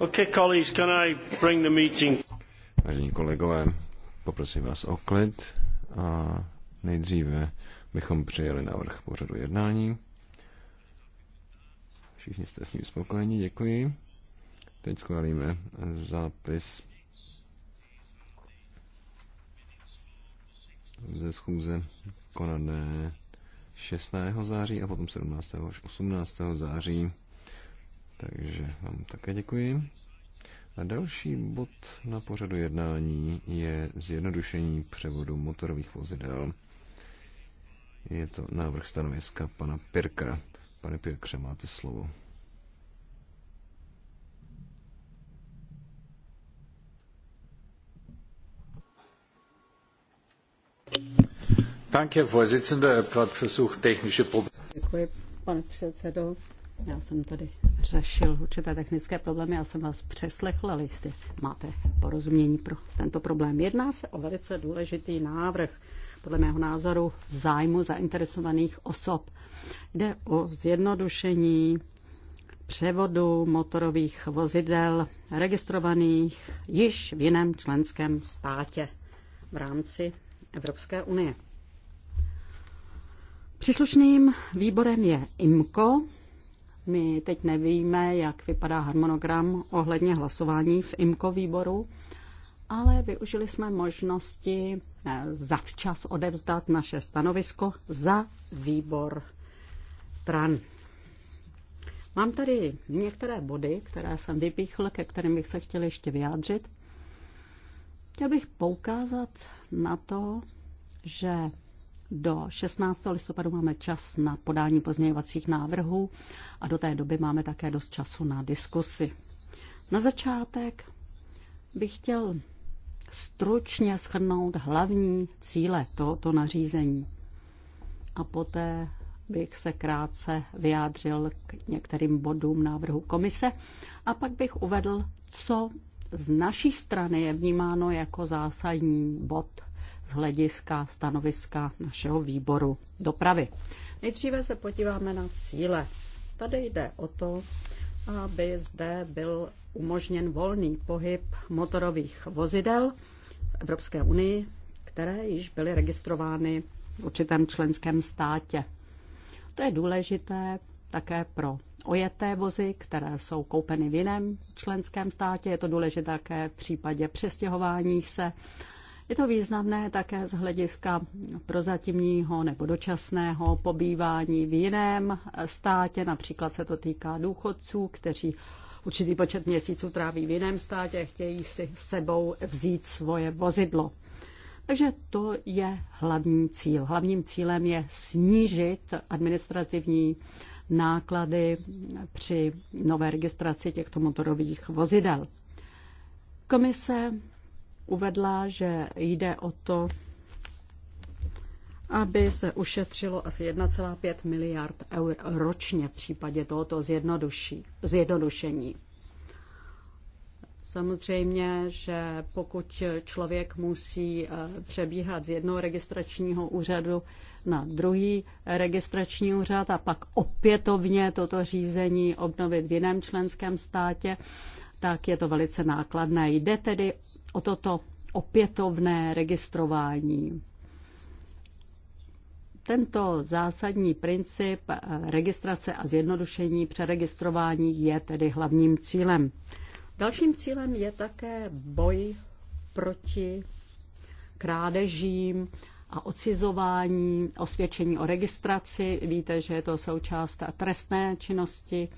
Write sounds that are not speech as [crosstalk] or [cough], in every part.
Okay, colleagues, can I bring the meeting? Vážení kolegové, poprosím vás o klid a nejdříve bychom přijeli vrch pořadu jednání. Všichni jste s ním spokojeni, děkuji. Teď schválíme zápis ze schůze konané 16. září a potom 17. až 18. září. Takže vám také děkuji. A další bod na pořadu jednání je zjednodušení převodu motorových vozidel. Je to návrh stanoviska pana Pirkra. Pane Pirkře, máte slovo. Danke, Vorsitzender. Gerade pane předsedo. Já jsem tady řešil určité technické problémy, já jsem vás přeslechl, ale jistě máte porozumění pro tento problém. Jedná se o velice důležitý návrh, podle mého názoru, v zájmu zainteresovaných osob. Jde o zjednodušení převodu motorových vozidel registrovaných již v jiném členském státě v rámci Evropské unie. Příslušným výborem je IMCO. My teď nevíme, jak vypadá harmonogram ohledně hlasování v IMCO výboru, ale využili jsme možnosti eh, zavčas odevzdat naše stanovisko za výbor TRAN. Mám tady některé body, které jsem vypíchl, ke kterým bych se chtěl ještě vyjádřit. Chtěl bych poukázat na to, že do 16. listopadu máme čas na podání pozměňovacích návrhů a do té doby máme také dost času na diskusy. Na začátek bych chtěl stručně shrnout hlavní cíle tohoto nařízení a poté bych se krátce vyjádřil k některým bodům návrhu komise a pak bych uvedl, co z naší strany je vnímáno jako zásadní bod z hlediska stanoviska našeho výboru dopravy. Nejdříve se podíváme na cíle. Tady jde o to, aby zde byl umožněn volný pohyb motorových vozidel v Evropské unii, které již byly registrovány v určitém členském státě. To je důležité také pro ojeté vozy, které jsou koupeny v jiném členském státě. Je to důležité také v případě přestěhování se. Je to významné také z hlediska prozatímního nebo dočasného pobývání v jiném státě. Například se to týká důchodců, kteří určitý počet měsíců tráví v jiném státě a chtějí si sebou vzít svoje vozidlo. Takže to je hlavní cíl. Hlavním cílem je snížit administrativní náklady při nové registraci těchto motorových vozidel. Komise uvedla, že jde o to, aby se ušetřilo asi 1,5 miliard eur ročně v případě tohoto zjednodušení. Samozřejmě, že pokud člověk musí eh, přebíhat z jednoho registračního úřadu na druhý registrační úřad a pak opětovně toto řízení obnovit v jiném členském státě, tak je to velice nákladné. Jde tedy o toto opětovné registrování. Tento zásadní princip registrace a zjednodušení přeregistrování je tedy hlavním cílem. Dalším cílem je také boj proti krádežím a odcizování, osvědčení o registraci. Víte, že je to součást trestné činnosti,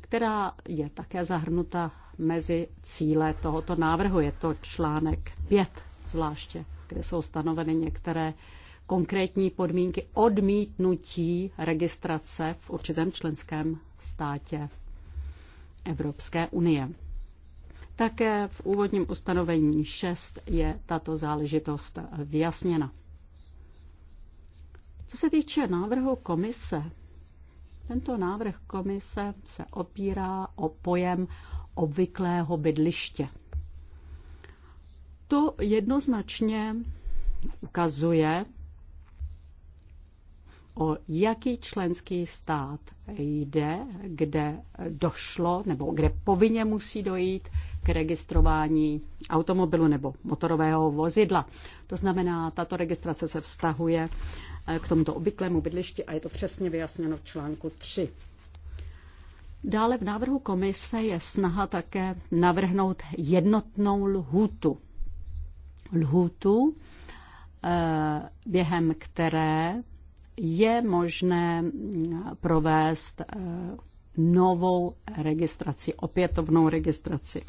která je také zahrnuta mezi cíle tohoto návrhu. Je to článek 5 zvláště, kde jsou stanoveny některé konkrétní podmínky odmítnutí registrace v určitém členském státě Evropské unie. Také v úvodním ustanovení 6 je tato záležitost vyjasněna. Co se týče návrhu komise, tento návrh komise se opírá o pojem obvyklého bydliště. To jednoznačně ukazuje, o jaký členský stát jde, kde došlo nebo kde povinně musí dojít k registrování automobilu nebo motorového vozidla. To znamená, tato registrace se vztahuje Eh, k tomuto obvyklému bydlišti a je to přesně vyjasněno v článku 3. Dále v návrhu komise je snaha také navrhnout jednotnou lhůtu. Lhůtu, eh, během které je možné mm, provést eh, novou registraci, opětovnou registraci.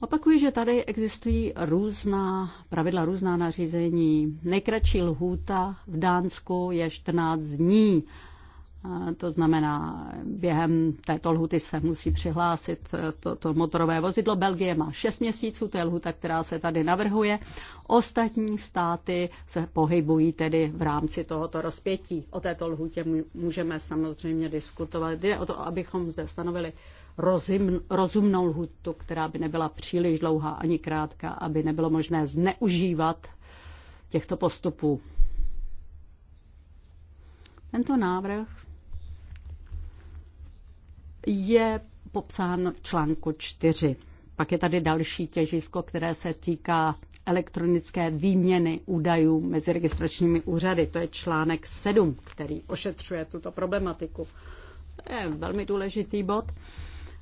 Opakuji, že tady existují různá pravidla, různá nařízení. Nejkratší lhůta v Dánsku je 14 dní. To znamená, během této lhuty se musí přihlásit to, to motorové vozidlo. Belgie má 6 měsíců, to je lhuta, která se tady navrhuje. Ostatní státy se pohybují tedy v rámci tohoto rozpětí. O této lhutě můžeme samozřejmě diskutovat. Jde o to, abychom zde stanovili rozum, rozumnou lhutu, která by nebyla příliš dlouhá ani krátká, aby nebylo možné zneužívat těchto postupů. Tento návrh je popsán v článku 4. Pak je tady další těžisko, které se týká elektronické výměny údajů mezi registračními úřady. To je článek 7, který ošetřuje tuto problematiku. To je velmi důležitý bod.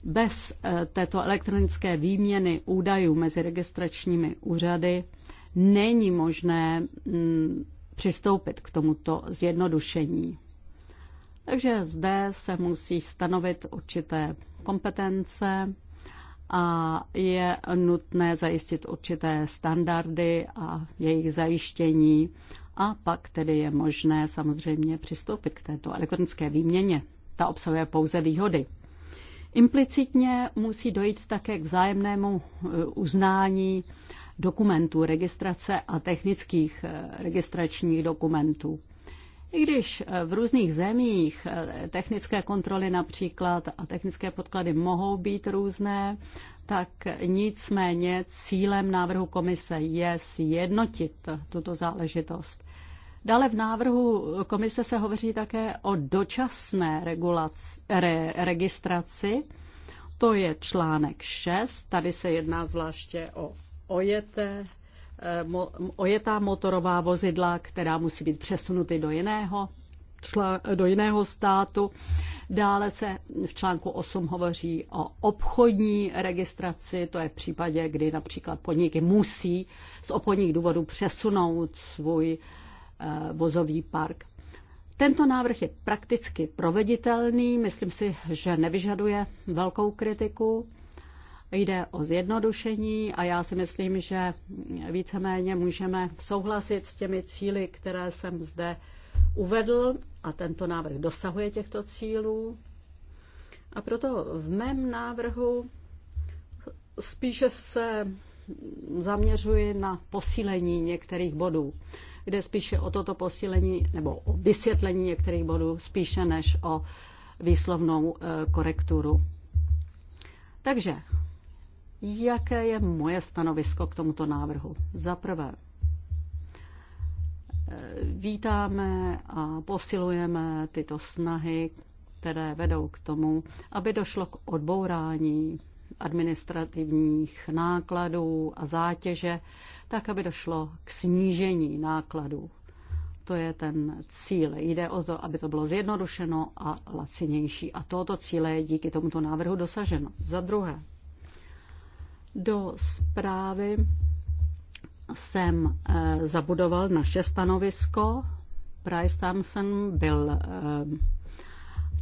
Bez eh, této elektronické výměny údajů mezi registračními úřady není možné mm, přistoupit k tomuto zjednodušení. Takže zde se musí stanovit určité kompetence a je nutné zajistit určité standardy a jejich zajištění a pak tedy je možné samozřejmě přistoupit k této elektronické výměně. Ta obsahuje pouze výhody. Implicitně musí dojít také k vzájemnému eh, uznání dokumentů registrace a technických eh, registračních dokumentů. I když eh, v různých zemích technické kontroly například a technické podklady mohou být různé, tak nicméně cílem návrhu komise je sjednotit tuto záležitost. Dále v návrhu komise se hovoří také o dočasné re, registraci. To je článek 6. Tady se jedná zvláště o ojeté, eh, mo, ojetá motorová vozidla, která musí být přesunuty do jiného, člá, do jiného státu. Dále se v článku 8 hovoří o obchodní registraci, to je v případě, kdy například podniky musí z obchodních důvodů přesunout svůj uh, Eh, vozový park. Tento návrh je prakticky proveditelný, myslím si, že nevyžaduje velkou kritiku. Jde o zjednodušení a já si myslím, že víceméně můžeme souhlasit s těmi cíly, které jsem zde uvedl a tento návrh dosahuje těchto cílů. A proto v mém návrhu spíše se zaměřuji na posílení některých bodů. Jde spíše o toto posílení nebo o vysvětlení některých bodů spíše než o výslovnou eh, korekturu. Takže, jaké je moje stanovisko k tomuto návrhu? Za prvé, eh, vítáme a posilujeme tyto snahy, které vedou k tomu, aby došlo k odbourání administrativních nákladů a zátěže, tak aby došlo k snížení nákladů. To je ten cíl. Jde o to, aby to bylo zjednodušeno a lacinější. A tohoto cíle je díky tomuto návrhu dosaženo. Za druhé, do zprávy jsem eh, zabudoval naše stanovisko. Price Thompson byl eh,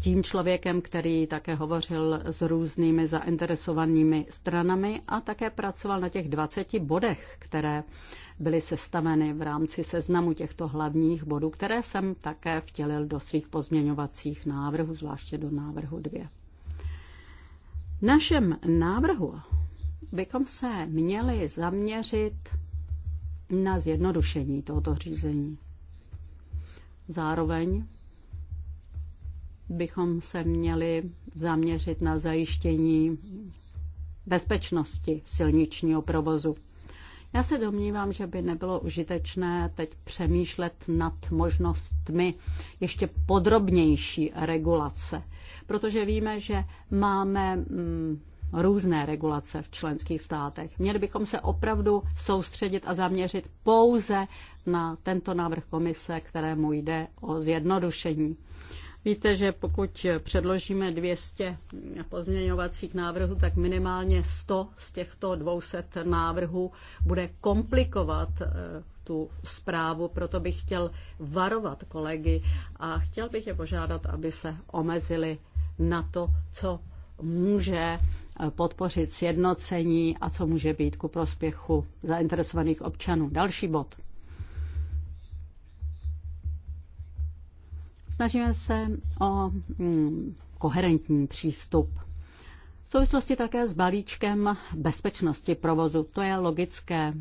tím člověkem, který také hovořil s různými zainteresovanými stranami a také pracoval na těch 20 bodech, které byly sestaveny v rámci seznamu těchto hlavních bodů, které jsem také vtělil do svých pozměňovacích návrhů, zvláště do návrhu 2. V našem návrhu bychom se měli zaměřit na zjednodušení tohoto řízení. Zároveň bychom se měli zaměřit na zajištění bezpečnosti silničního provozu. Já se domnívám, že by nebylo užitečné teď přemýšlet nad možnostmi ještě podrobnější regulace, protože víme, že máme mm, různé regulace v členských státech. Měli bychom se opravdu soustředit a zaměřit pouze na tento návrh komise, kterému jde o zjednodušení. Víte, že pokud předložíme 200 pozměňovacích návrhů, tak minimálně 100 z těchto 200 návrhů bude komplikovat eh, tu zprávu, proto bych chtěl varovat kolegy a chtěl bych je požádat, aby se omezili na to, co může eh, podpořit sjednocení a co může být ku prospěchu zainteresovaných občanů. Další bod. Snažíme se o mm, koherentní přístup. V souvislosti také s balíčkem bezpečnosti provozu. To je logické.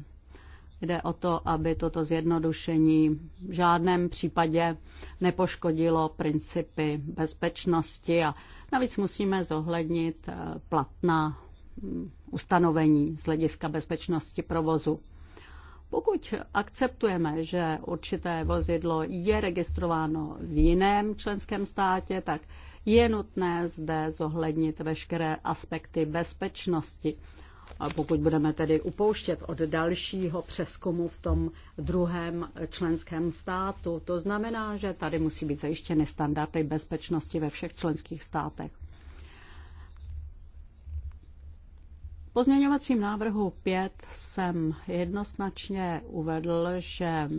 Jde o to, aby toto zjednodušení v žádném případě nepoškodilo principy bezpečnosti a navíc musíme zohlednit eh, platná mm, ustanovení z hlediska bezpečnosti provozu. Pokud akceptujeme, že určité vozidlo je registrováno v jiném členském státě, tak je nutné zde zohlednit veškeré aspekty bezpečnosti. A pokud budeme tedy upouštět od dalšího přeskumu v tom druhém členském státu, to znamená, že tady musí být zajištěny standardy bezpečnosti ve všech členských státech. pozměňovacím návrhu 5 jsem jednoznačně uvedl, že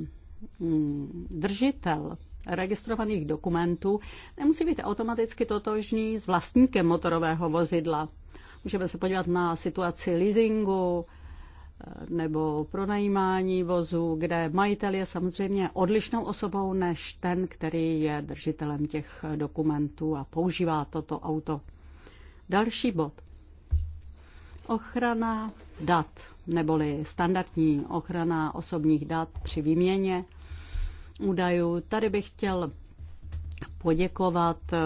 mm, držitel registrovaných dokumentů nemusí být automaticky totožný s vlastníkem motorového vozidla. Můžeme se podívat na situaci leasingu eh, nebo pronajímání vozu, kde majitel je samozřejmě odlišnou osobou než ten, který je držitelem těch dokumentů a používá toto auto. Další bod – Ochrana dat, neboli standardní ochrana osobních dat při výměně údajů. Tady bych chtěl poděkovat eh,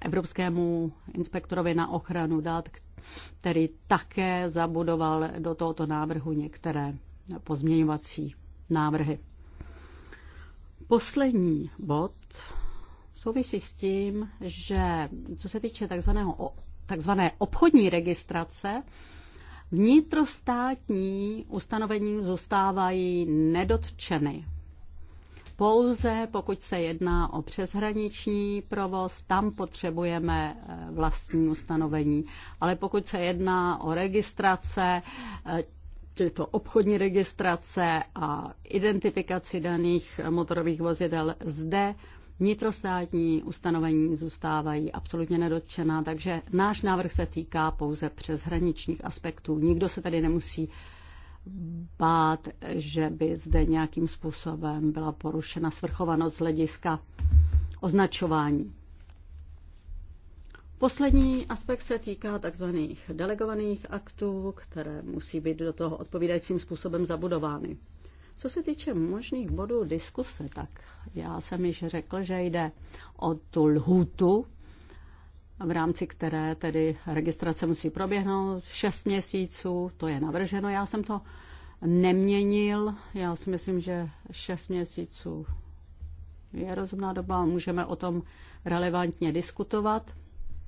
Evropskému inspektorovi na ochranu dat, který také zabudoval do tohoto návrhu některé pozměňovací návrhy. Poslední bod souvisí s tím, že co se týče takzvaného takzvané obchodní registrace, vnitrostátní ustanovení zůstávají nedotčeny. Pouze pokud se jedná o přeshraniční provoz, tam potřebujeme eh, vlastní ustanovení. Ale pokud se jedná o registrace, eh, to obchodní registrace a identifikaci daných motorových vozidel, zde vnitrostátní ustanovení zůstávají absolutně nedotčená, takže náš návrh se týká pouze přeshraničních aspektů. Nikdo se tady nemusí bát, že by zde nějakým způsobem byla porušena svrchovanost z hlediska označování. Poslední aspekt se týká tzv. delegovaných aktů, které musí být do toho odpovídajícím způsobem zabudovány. Co se týče možných bodů diskuse, tak já jsem již řekl, že jde o tu lhutu, v rámci které tedy registrace musí proběhnout 6 měsíců, to je navrženo. Já jsem to neměnil, já si myslím, že 6 měsíců je rozumná doba, můžeme o tom relevantně diskutovat.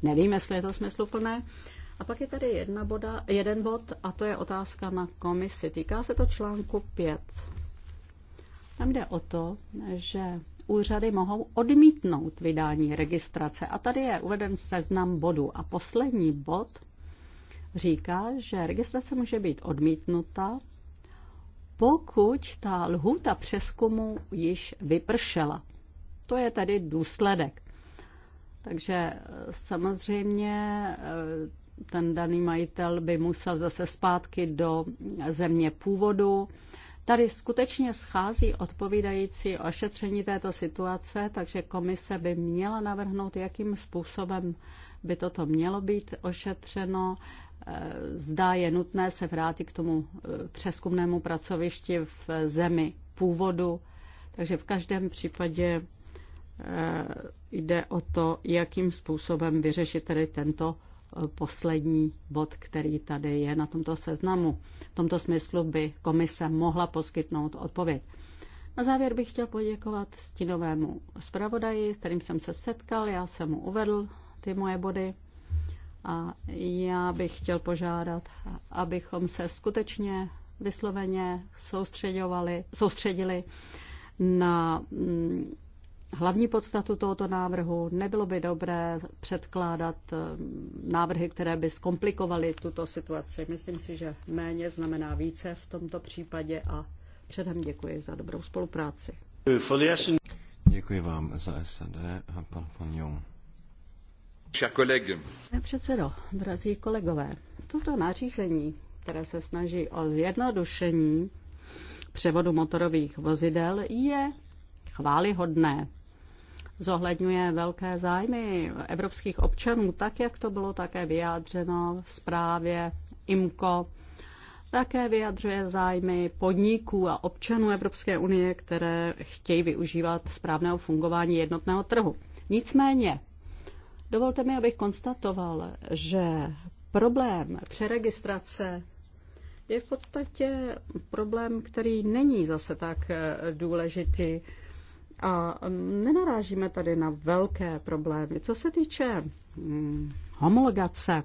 Nevím, jestli je to smysluplné. A pak je tady jedna boda, jeden bod a to je otázka na komisi. Týká se to článku 5. Tam jde o to, že úřady mohou odmítnout vydání registrace. A tady je uveden seznam bodů. A poslední bod říká, že registrace může být odmítnuta, pokud ta lhůta přeskumu již vypršela. To je tedy důsledek. Takže e, samozřejmě e, ten daný majitel by musel zase zpátky do země původu Tady skutečně schází odpovídající ošetření této situace, takže komise by měla navrhnout, jakým způsobem by toto mělo být ošetřeno. Eh, zdá je nutné se vrátit k tomu eh, přeskumnému pracovišti v zemi původu. Takže v každém případě eh, jde o to, jakým způsobem vyřešit tedy tento poslední bod, který tady je na tomto seznamu. V tomto smyslu by komise mohla poskytnout odpověď. Na závěr bych chtěl poděkovat stínovému zpravodaji, s kterým jsem se setkal, já jsem mu uvedl ty moje body a já bych chtěl požádat, abychom se skutečně vysloveně soustředili na mm, hlavní podstatu tohoto návrhu. Nebylo by dobré předkládat eh, návrhy, které by zkomplikovaly tuto situaci. Myslím si, že méně znamená více v tomto případě a předem děkuji za dobrou spolupráci. Děkuji vám za SAD a pan Fonjou. Pane předsedo, drazí kolegové, toto nařízení, které se snaží o zjednodušení převodu motorových vozidel, je chválihodné zohledňuje velké zájmy evropských občanů, tak jak to bylo také vyjádřeno v zprávě IMCO. Také vyjadřuje zájmy podniků a občanů Evropské unie, které chtějí využívat správného fungování jednotného trhu. Nicméně, dovolte mi, abych konstatoval, že problém přeregistrace je v podstatě problém, který není zase tak důležitý a nenarážíme tady na velké problémy. Co se týče homologace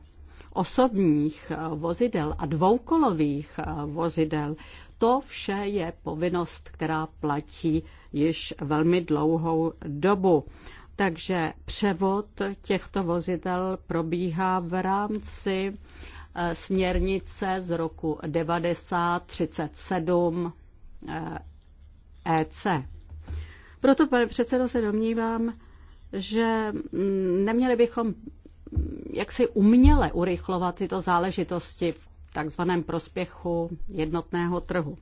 osobních eh, vozidel a dvoukolových eh, vozidel, to vše je povinnost, která platí již velmi dlouhou dobu. Takže převod těchto vozidel probíhá v rámci eh, směrnice z roku 9037 EC. E proto, pane předsedo, se domnívám, že mm, neměli bychom mm, jaksi uměle urychlovat tyto záležitosti v takzvaném prospěchu jednotného trhu.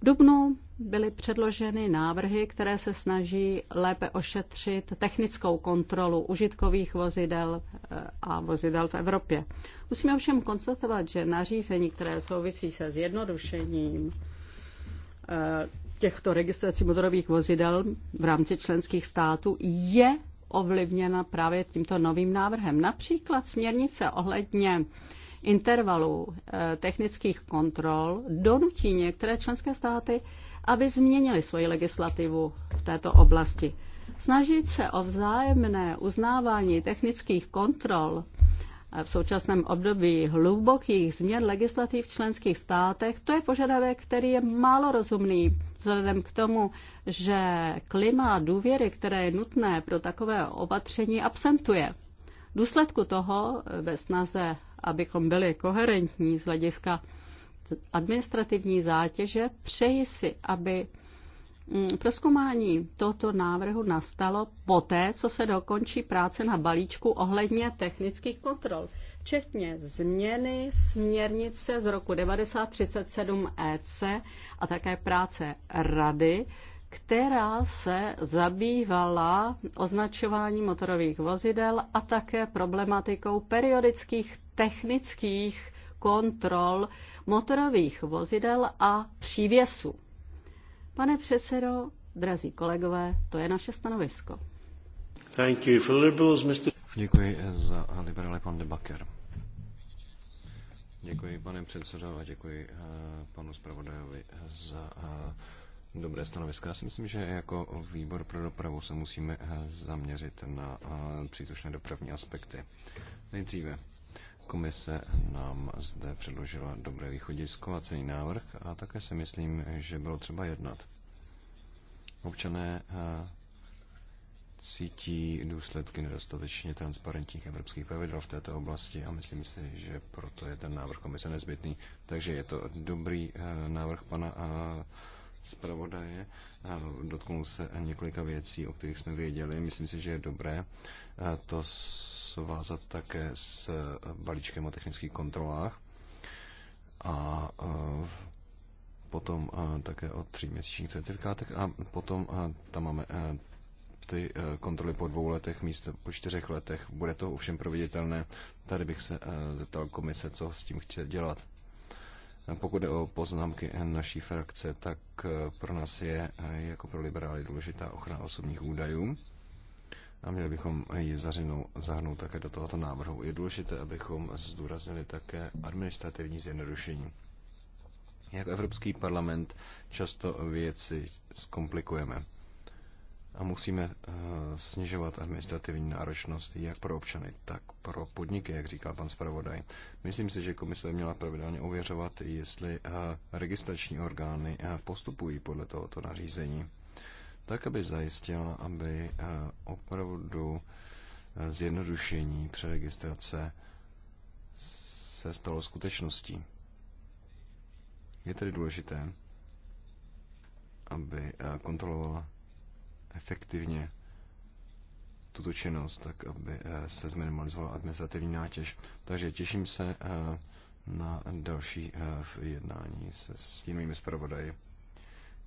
V Dubnu byly předloženy návrhy, které se snaží lépe ošetřit technickou kontrolu užitkových vozidel eh, a vozidel v Evropě. Musíme ovšem konstatovat, že nařízení, které souvisí se zjednodušením, eh, těchto registrací motorových vozidel v rámci členských států je ovlivněna právě tímto novým návrhem. Například směrnice ohledně intervalu eh, technických kontrol donutí některé členské státy, aby změnili svoji legislativu v této oblasti. Snažit se o vzájemné uznávání technických kontrol v současném období hlubokých změn legislativ v členských státech, to je požadavek, který je málo rozumný vzhledem k tomu, že klima důvěry, které je nutné pro takové opatření, absentuje. V důsledku toho ve snaze, abychom byli koherentní z hlediska administrativní zátěže, přeji si, aby Mm, Proskoumání tohoto návrhu nastalo poté, co se dokončí práce na balíčku ohledně technických kontrol, včetně změny směrnice z roku 1937 EC a také práce Rady, která se zabývala označováním motorových vozidel a také problematikou periodických technických kontrol motorových vozidel a přívěsů. Pane předsedo, drazí kolegové, to je naše stanovisko. Thank you for liberals, Mr. Děkuji za liberále pan Debaker. Děkuji, pane předsedo, a děkuji eh, panu zpravodajovi za eh, dobré stanoviska. Já si myslím, že jako výbor pro dopravu se musíme eh, zaměřit na příslušné dopravní aspekty. Nejdříve Komise nám zde předložila dobré východisko a celý návrh a také si myslím, že bylo třeba jednat. Občané eh, cítí důsledky nedostatečně transparentních evropských pravidel v této oblasti a myslím si, že proto je ten návrh komise nezbytný. Takže je to dobrý eh, návrh pana eh, zpravodaje. Dotknul se několika věcí, o kterých jsme věděli. Myslím si, že je dobré to svázat také s balíčkem o technických kontrolách a potom také o tříměsíčních certifikátech a potom tam máme ty kontroly po dvou letech místo po čtyřech letech. Bude to ovšem proveditelné. Tady bych se zeptal komise, co s tím chce dělat. Pokud jde o poznámky naší frakce, tak eh, pro nás je eh, jako pro liberály důležitá ochrana osobních údajů a měli bychom ji zahrnout, zahrnout také do tohoto návrhu. Je důležité, abychom zdůraznili také administrativní zjednodušení. Jak Evropský parlament často věci zkomplikujeme a musíme eh, snižovat administrativní náročnost jak pro občany, tak pro podniky, jak říkal pan zpravodaj. Myslím si, že komise měla pravidelně ověřovat, jestli eh, registrační orgány eh, postupují podle tohoto nařízení, tak aby zajistila, aby opravdu zjednodušení přeregistrace se stalo skutečností. Je tedy důležité, aby kontrolovala efektivně tuto činnost, tak aby eh, se zminimalizovala administrativní nátěž. Takže těším se eh, na další eh, jednání se jinými zpravodaji.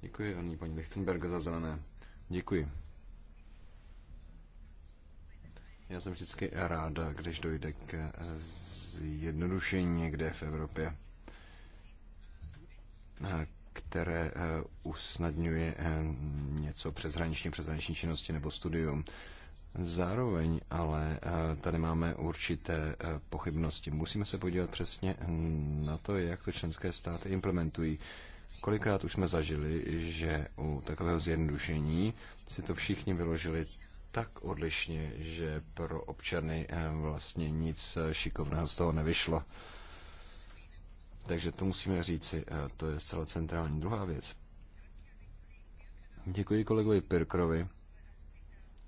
Děkuji ani paní Lichtenberg za zelené. Děkuji. Já jsem vždycky ráda, když dojde k zjednodušení někde v Evropě které eh, usnadňuje eh, něco přeshraniční, přeshraniční činnosti nebo studium. Zároveň ale eh, tady máme určité pochybnosti. Musíme se podívat přesně na to, jak to členské státy implementují. Kolikrát už jsme zažili, že u takového zjednodušení si to všichni vyložili tak odlišně, že pro občany vlastně nic šikovného z toho nevyšlo. Takže to musíme říci, eh, to je zcela centrální. Druhá věc. Děkuji kolegovi Pirkrovi,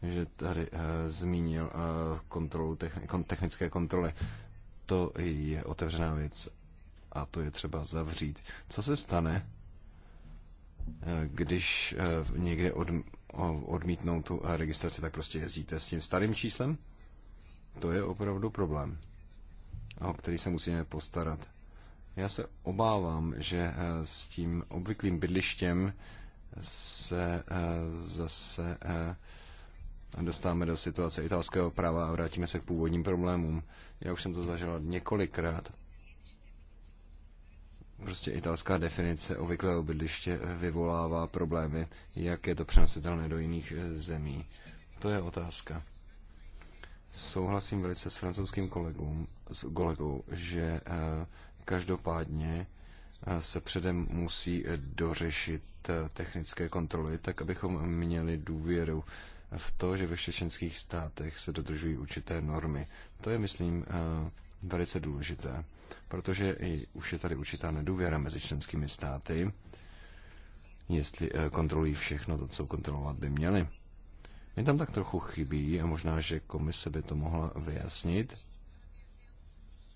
že tady eh, zmínil eh, kontrolu technické kontroly. To je otevřená věc a to je třeba zavřít. Co se stane, když někde odmítnou tu registraci, tak prostě jezdíte s tím starým číslem? To je opravdu problém, o který se musíme postarat. Já se obávám, že eh, s tím obvyklým bydlištěm se eh, zase eh, dostáváme do situace italského práva a vrátíme se k původním problémům. Já už jsem to zažil několikrát. Prostě italská definice obvyklého bydliště vyvolává problémy, jak je to přenositelné do jiných zemí. To je otázka. Souhlasím velice s francouzským kolegům, s kolegou, že Každopádně eh, se předem musí eh, dořešit eh, technické kontroly, tak abychom měli důvěru v to, že ve štěčenských státech se dodržují určité normy. To je, myslím, velice důležité, protože i už je tady určitá nedůvěra mezi členskými státy, jestli kontrolují všechno to, co kontrolovat by měli. Mě tam tak trochu chybí a možná, že komise by to mohla vyjasnit.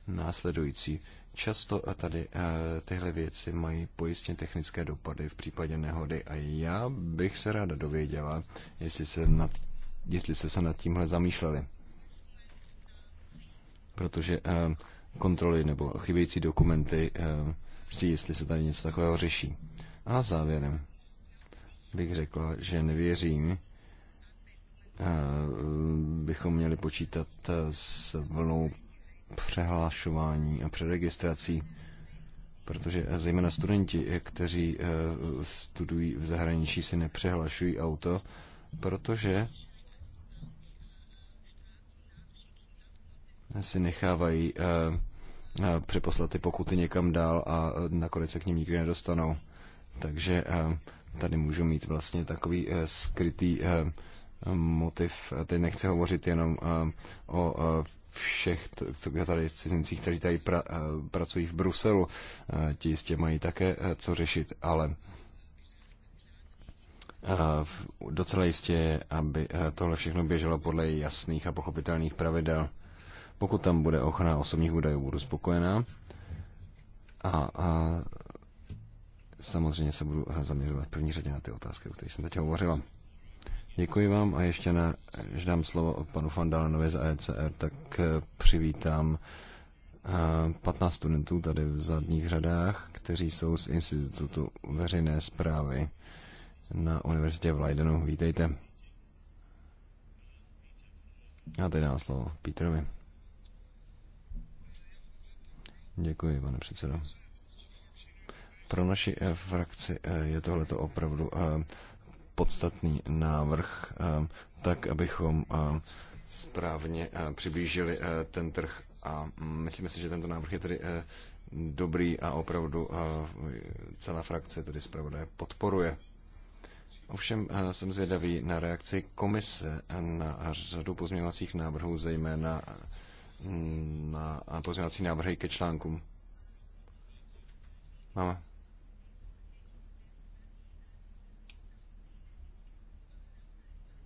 Následující. Často tady eh, tyhle věci mají pojistně technické dopady v případě nehody a já bych se ráda dověděla, jestli se nad, jestli se, se nad tímhle zamýšleli. Protože eh, kontroly nebo chybějící dokumenty, eh, si prostě jestli se tady něco takového řeší. A závěrem bych řekla, že nevěřím, bychom měli počítat s vlnou přehlášování a přeregistrací, protože zejména studenti, kteří eh, studují v zahraničí, si nepřehlašují auto, protože si nechávají eh, eh, přeposlat ty pokuty někam dál a nakonec se k ním nikdy nedostanou. Takže tady můžu mít vlastně takový skrytý motiv. Teď nechci hovořit jenom o všech, kdo tady cizincích, kteří tady pra, eh, pracují v Bruselu. Eh, ti jistě mají také eh, co řešit, ale docela jistě je, aby tohle všechno běželo podle jasných a pochopitelných pravidel. Pokud tam bude ochrana osobních údajů, budu spokojená. A, a samozřejmě se budu zaměřovat první řadě na ty otázky, o kterých jsem teď hovořila. Děkuji vám a ještě než dám slovo panu Fandalenovi za ECR, tak eh, přivítám 15 eh, studentů tady v zadních řadách, kteří jsou z Institutu veřejné zprávy na Univerzitě v Leidenu. Vítejte. A teď dám slovo Petrovi. Děkuji, pane předsedo. Pro naši eh, frakci je tohleto opravdu podstatný návrh, ehm, tak abychom ehm, správně eh, přiblížili eh, ten trh. A mm, myslíme si, že tento návrh je tedy eh, dobrý a opravdu celá frakce tedy zpravodaje podporuje. Ovšem jsem zvědavý na reakci komise na řadu pozměňovacích návrhů, zejména mm, na pozměňovací návrhy ke článkům. Máme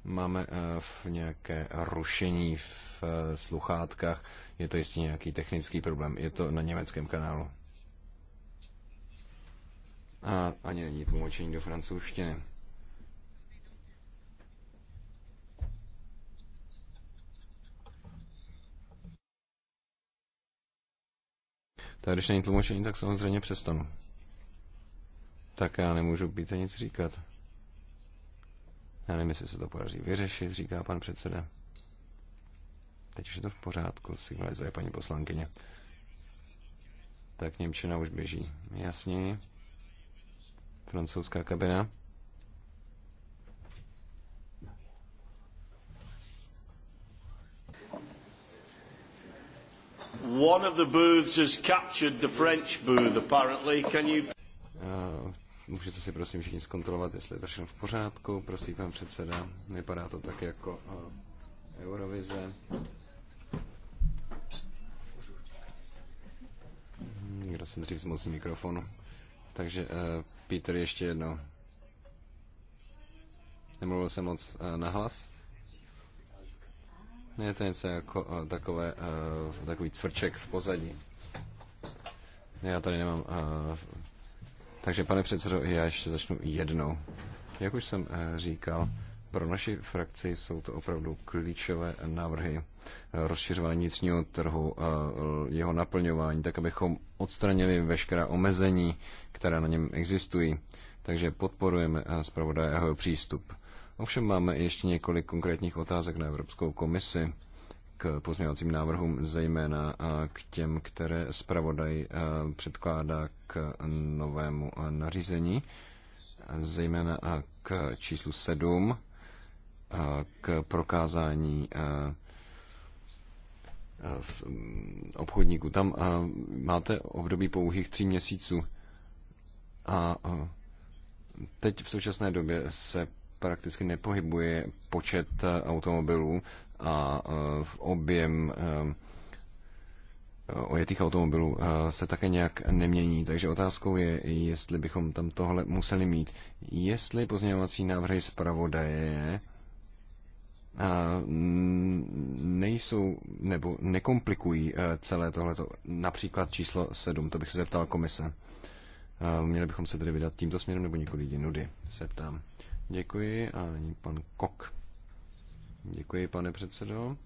máme eh, v nějaké rušení v eh, sluchátkách. Je to jistě nějaký technický problém. Je to na německém kanálu. A ani není tlumočení do francouzštiny. Tak když není tlumočení, tak samozřejmě přestanu. Tak já nemůžu být nic říkat. Já nevím, jestli se to podaří vyřešit, říká pan předseda. Teď už je to v pořádku, signalizuje paní poslankyně. Tak Němčina už běží. Jasně. Francouzská kabina. One of the booths has captured the French booth, apparently. Can you... Můžete si prosím všichni zkontrolovat, jestli je to všechno v pořádku. Prosím, pan předseda, vypadá to tak jako eh, Eurovize. Kdo se dřív zmocní mikrofonu? Takže uh, eh, Peter ještě jedno. Nemluvil jsem moc uh, nahlas. No, je to něco jako uh, takové, uh, takový cvrček v pozadí. Já tady nemám uh, takže, pane předsedo, já ještě začnu jednou. Jak už jsem eh, říkal, pro naši frakci jsou to opravdu klíčové návrhy eh, rozšiřování vnitřního trhu, eh, jeho naplňování, tak abychom odstranili veškerá omezení, která na něm existují. Takže podporujeme zpravodaje přístup. Ovšem máme ještě několik konkrétních otázek na Evropskou komisi k pozměňovacím návrhům, zejména k těm, které zpravodaj předkládá k novému nařízení, zejména k číslu 7, k prokázání v obchodníku. Tam máte období pouhých tří měsíců a teď v současné době se prakticky nepohybuje počet automobilů, a e, v objem e, ojetých automobilů e, se také nějak nemění. Takže otázkou je, jestli bychom tam tohle museli mít. Jestli pozměňovací návrhy zpravodaje nejsou nebo nekomplikují celé tohleto, například číslo 7, to bych se zeptal komise. Měli bychom se tedy vydat tímto směrem nebo několik jinudy, se ptám. Děkuji a nyní pan Kok. Děkuji, pane předsedo.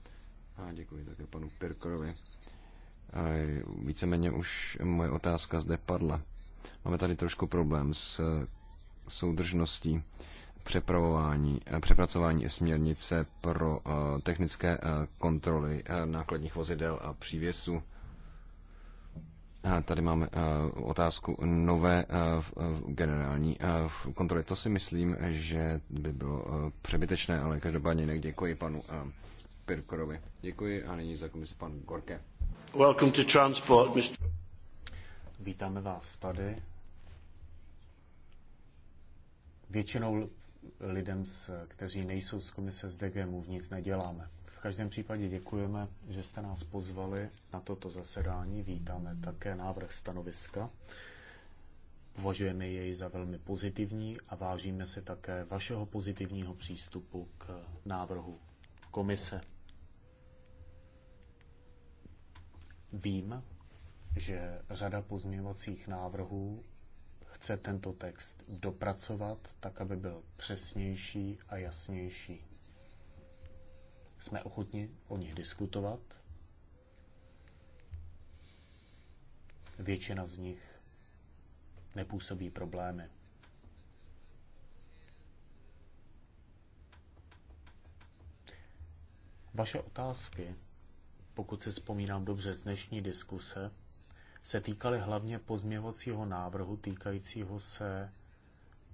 A děkuji také panu Pirkorovi. A víceméně už moje otázka zde padla. Máme tady trošku problém s eh, soudržností přepravování, eh, přepracování směrnice pro eh, technické kontroly nákladních vozidel a přívěsů. A tady máme eh, otázku nové eh, eh, generální kontroly. To si myslím, že by bylo přebytečné, ale každopádně jinak děkuji panu Pirkorovi. Děkuji a nyní za komisi pan Gorke. Welcome to transport, Mr. Vítáme vás tady. Většinou lidem, kteří nejsou z komise z DGMu, nic neděláme každém případě děkujeme, že jste nás pozvali na toto zasedání. Vítáme také návrh stanoviska. Považujeme jej za velmi pozitivní a vážíme se také vašeho pozitivního přístupu k návrhu komise. Vím, že řada pozměňovacích návrhů chce tento text dopracovat tak, aby byl přesnější a jasnější. Jsme ochotni o nich diskutovat. Většina z nich nepůsobí problémy. Vaše otázky, pokud si vzpomínám dobře z dnešní diskuse, se týkaly hlavně pozměvacího návrhu týkajícího se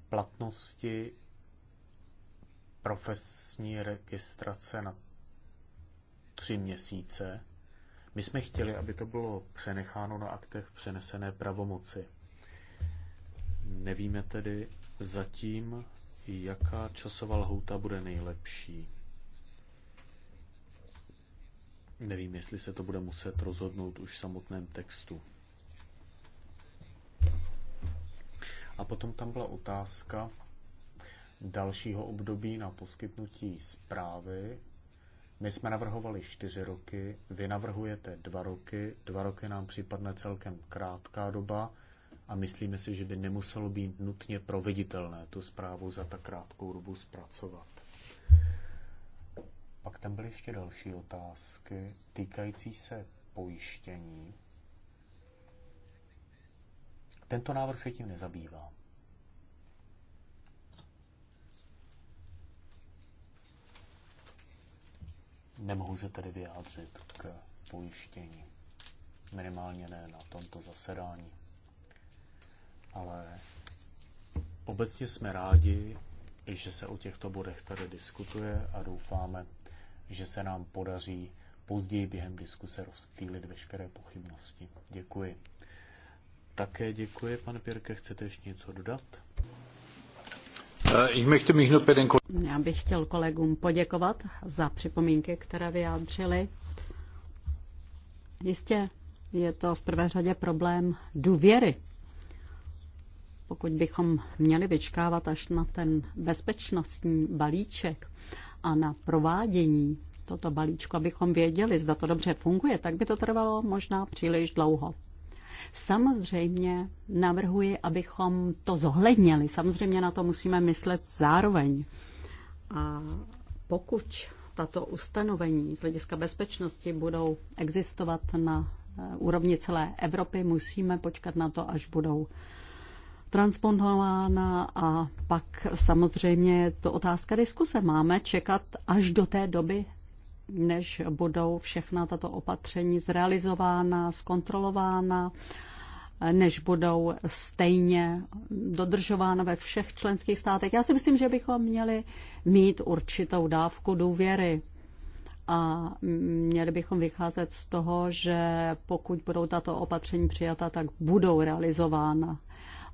platnosti profesní registrace na tři měsíce. My jsme chtěli, aby to bylo přenecháno na aktech přenesené pravomoci. Nevíme tedy zatím, jaká časová lhouta bude nejlepší. Nevím, jestli se to bude muset rozhodnout už v samotném textu. A potom tam byla otázka dalšího období na poskytnutí zprávy my jsme navrhovali čtyři roky, vy navrhujete dva roky, dva roky nám připadne celkem krátká doba a myslíme si, že by nemuselo být nutně proveditelné tu zprávu za tak krátkou dobu zpracovat. Pak tam byly ještě další otázky týkající se pojištění. Tento návrh se tím nezabývá. Nemohu se tedy vyjádřit k pojištění. Minimálně ne na tomto zasedání. Ale obecně jsme rádi, že se o těchto bodech tady diskutuje a doufáme, že se nám podaří později během diskuse rozptýlit veškeré pochybnosti. Děkuji. Také děkuji, pane Pěrke. Chcete ještě něco dodat? Eh, Já bych chtěl kolegům poděkovat za připomínky, které vyjádřili. Jistě je to v prvé řadě problém důvěry. Pokud bychom měli vyčkávat až na ten bezpečnostní balíček a na provádění toto balíčku, abychom věděli, zda to dobře funguje, tak by to trvalo možná příliš dlouho. Samozřejmě navrhuji, abychom to zohlednili. Samozřejmě na to musíme myslet zároveň. A pokud tato ustanovení z hlediska bezpečnosti budou existovat na eh, úrovni celé Evropy, musíme počkat na to, až budou transponována a pak samozřejmě je to otázka diskuse. Máme čekat až do té doby, než budou všechna tato opatření zrealizována, zkontrolována, než budou stejně dodržována ve všech členských státech. Já si myslím, že bychom měli mít určitou dávku důvěry a měli bychom vycházet z toho, že pokud budou tato opatření přijata, tak budou realizována.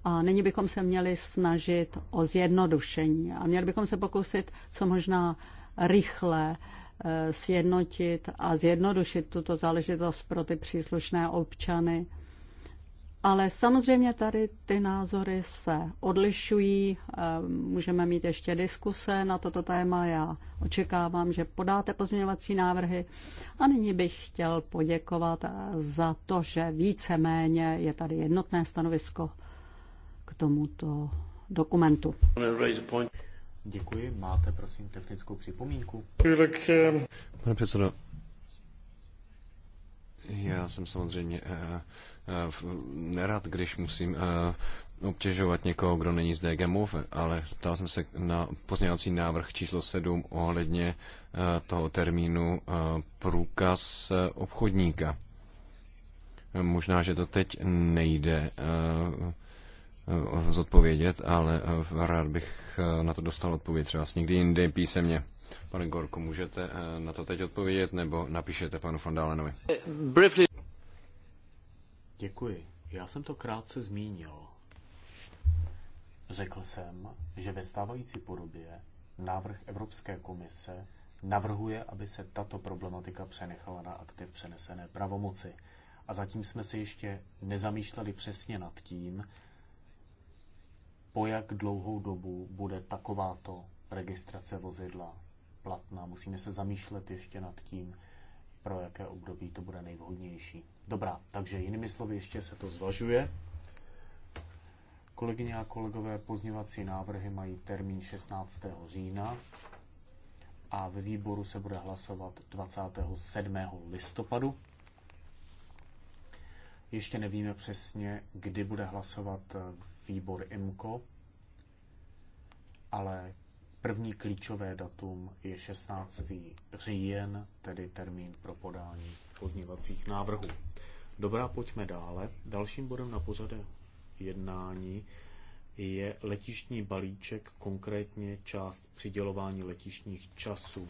A nyní bychom se měli snažit o zjednodušení a měli bychom se pokusit co možná rychle Eh, sjednotit a zjednodušit tuto záležitost pro ty příslušné občany. Ale samozřejmě tady ty názory se odlišují, eh, můžeme mít ještě diskuse na toto téma, já očekávám, že podáte pozměňovací návrhy a nyní bych chtěl poděkovat eh, za to, že víceméně je tady jednotné stanovisko k tomuto dokumentu. Děkuji. Máte, prosím, technickou připomínku? Pane předsedo, já jsem samozřejmě eh, eh, nerad, když musím eh, obtěžovat někoho, kdo není z DG Move, ale ptal jsem se na pozměňovací návrh číslo 7 ohledně toho termínu průkaz obchodníka. Možná, že to teď nejde Eh, zodpovědět, ale eh, rád bych eh, na to dostal odpověď třeba s někdy jindy písemně. Pane Gorko. můžete na to teď odpovědět nebo napíšete panu Fandálenovi? Briefly. Děkuji. Já jsem to krátce zmínil. Řekl jsem, že ve stávající podobě návrh Evropské komise navrhuje, aby se tato problematika přenechala na aktiv přenesené pravomoci. A zatím jsme se ještě nezamýšleli přesně nad tím, po jak dlouhou dobu bude takováto registrace vozidla platná. Musíme se zamýšlet ještě nad tím, pro jaké období to bude nejvhodnější. Dobrá, takže jinými slovy ještě se to zvažuje. Kolegyně a kolegové, pozněvací návrhy mají termín 16. října a ve výboru se bude hlasovat 27. listopadu. Ještě nevíme přesně, kdy bude hlasovat výbor IMCO, ale první klíčové datum je 16. říjen, tedy termín pro podání pozněvacích návrhů. Dobrá, pojďme dále. Dalším bodem na pořadu jednání je letištní balíček, konkrétně část přidělování letištních časů.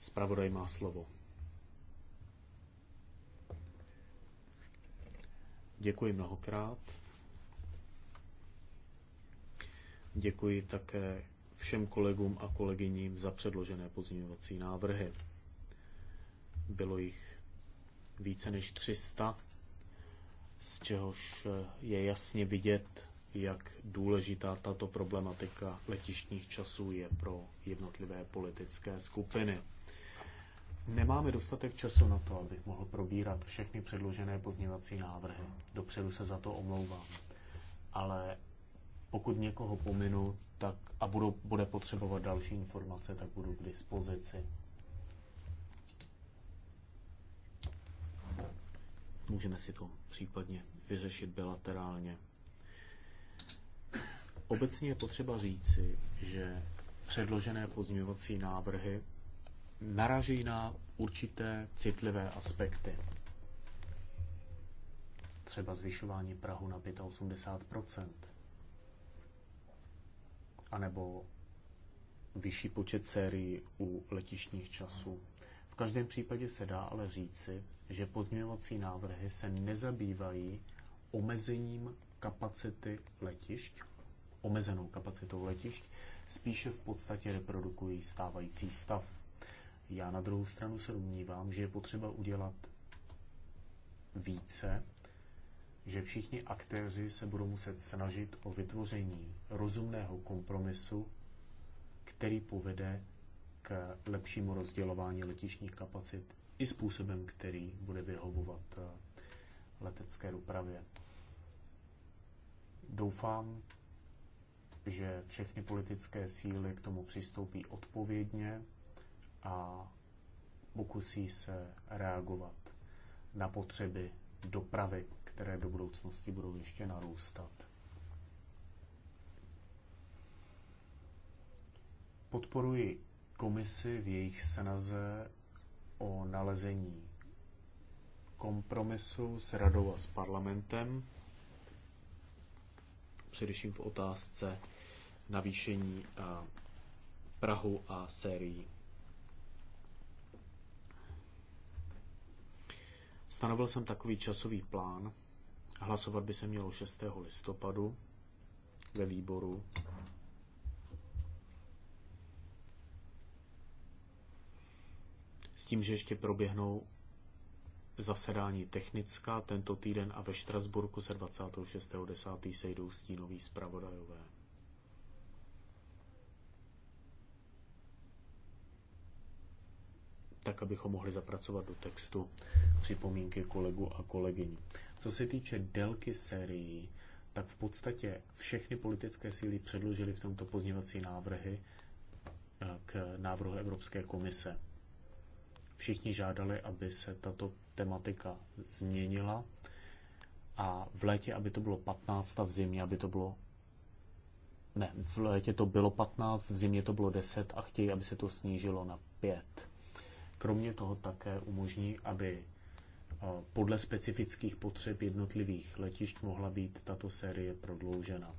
Spravodaj má slovo. Děkuji mnohokrát. Děkuji také všem kolegům a kolegyním za předložené pozměňovací návrhy. Bylo jich více než 300, z čehož je jasně vidět, jak důležitá tato problematika letištních časů je pro jednotlivé politické skupiny. Nemáme dostatek času na to, abych mohl probírat všechny předložené pozměňovací návrhy. Dopředu se za to omlouvám. Ale pokud někoho pominu tak, a budu, bude potřebovat další informace, tak budu k dispozici. Můžeme si to případně vyřešit bilaterálně. Obecně je potřeba říci, že předložené pozměňovací návrhy narážejí na určité citlivé aspekty. Třeba zvyšování Prahu na 85 anebo vyšší počet sérií u letišních časů. V každém případě se dá ale říci, že pozměňovací návrhy se nezabývají omezením kapacity letišť, omezenou kapacitou letišť, spíše v podstatě reprodukují stávající stav. Já na druhou stranu se domnívám, že je potřeba udělat více že všichni aktéři se budou muset snažit o vytvoření rozumného kompromisu, který povede k lepšímu rozdělování letišních kapacit i způsobem, který bude vyhovovat eh, letecké dopravě. Doufám, že všechny politické síly k tomu přistoupí odpovědně a pokusí se reagovat na potřeby dopravy které do budoucnosti budou ještě narůstat. Podporuji komisi v jejich snaze o nalezení kompromisu s radou a s parlamentem, především v otázce navýšení eh, Prahu a sérií. Stanovil jsem takový časový plán, Hlasovat by se mělo 6. listopadu ve výboru. S tím, že ještě proběhnou zasedání technická tento týden a ve Štrasburku se 26.10. sejdou stínoví zpravodajové. tak abychom mohli zapracovat do textu připomínky kolegu a kolegyní. Co se týče délky sérií, tak v podstatě všechny politické síly předložily v tomto pozněvací návrhy eh, k návrhu Evropské komise. Všichni žádali, aby se tato tematika změnila a v létě, aby to bylo 15 a v zimě, aby to bylo ne, v létě to bylo 15, v zimě to bylo 10 a chtějí, aby se to snížilo na 5. Kromě toho také umožní, aby eh, podle specifických potřeb jednotlivých letišť mohla být tato série prodloužena.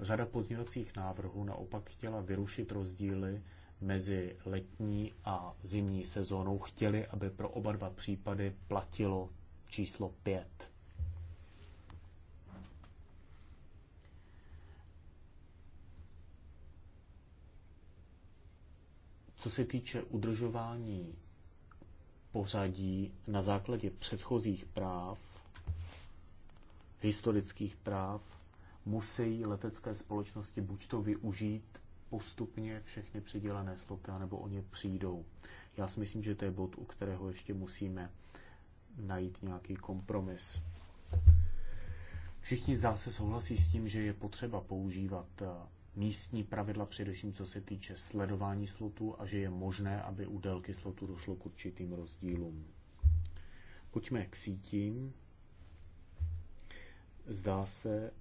Řada pozdělacích návrhů naopak chtěla vyrušit rozdíly mezi letní a zimní sezónou. Chtěli, aby pro oba dva případy platilo číslo 5. Co se týče udržování pořadí na základě předchozích práv, historických práv, musí letecké společnosti buď to využít postupně všechny přidělené sloty, nebo o ně přijdou. Já si myslím, že to je bod, u kterého ještě musíme najít nějaký kompromis. Všichni zdá se souhlasí s tím, že je potřeba používat eh, místní pravidla, především co se týče sledování slotů a že je možné, aby u délky slotu došlo k určitým rozdílům. Pojďme k sítím. Zdá se,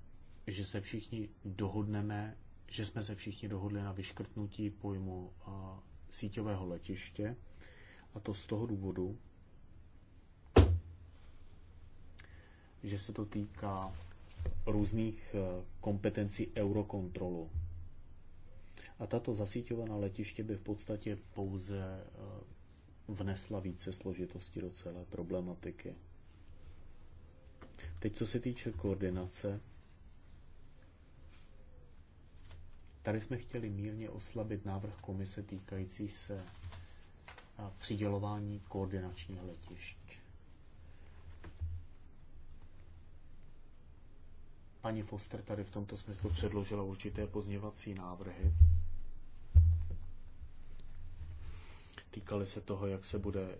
že se všichni dohodneme, že jsme se všichni dohodli na vyškrtnutí pojmu síťového letiště. A to z toho důvodu, že se to týká různých eh, kompetencí eurokontrolu. A tato zasíťovaná letiště by v podstatě pouze eh, vnesla více složitosti do celé problematiky. Teď, co se týče koordinace, tady jsme chtěli mírně oslabit návrh komise týkající se eh, přidělování koordinačních letišť. Paní Foster tady v tomto smyslu předložila určité pozněvací návrhy. Týkaly se toho, jak se bude eh,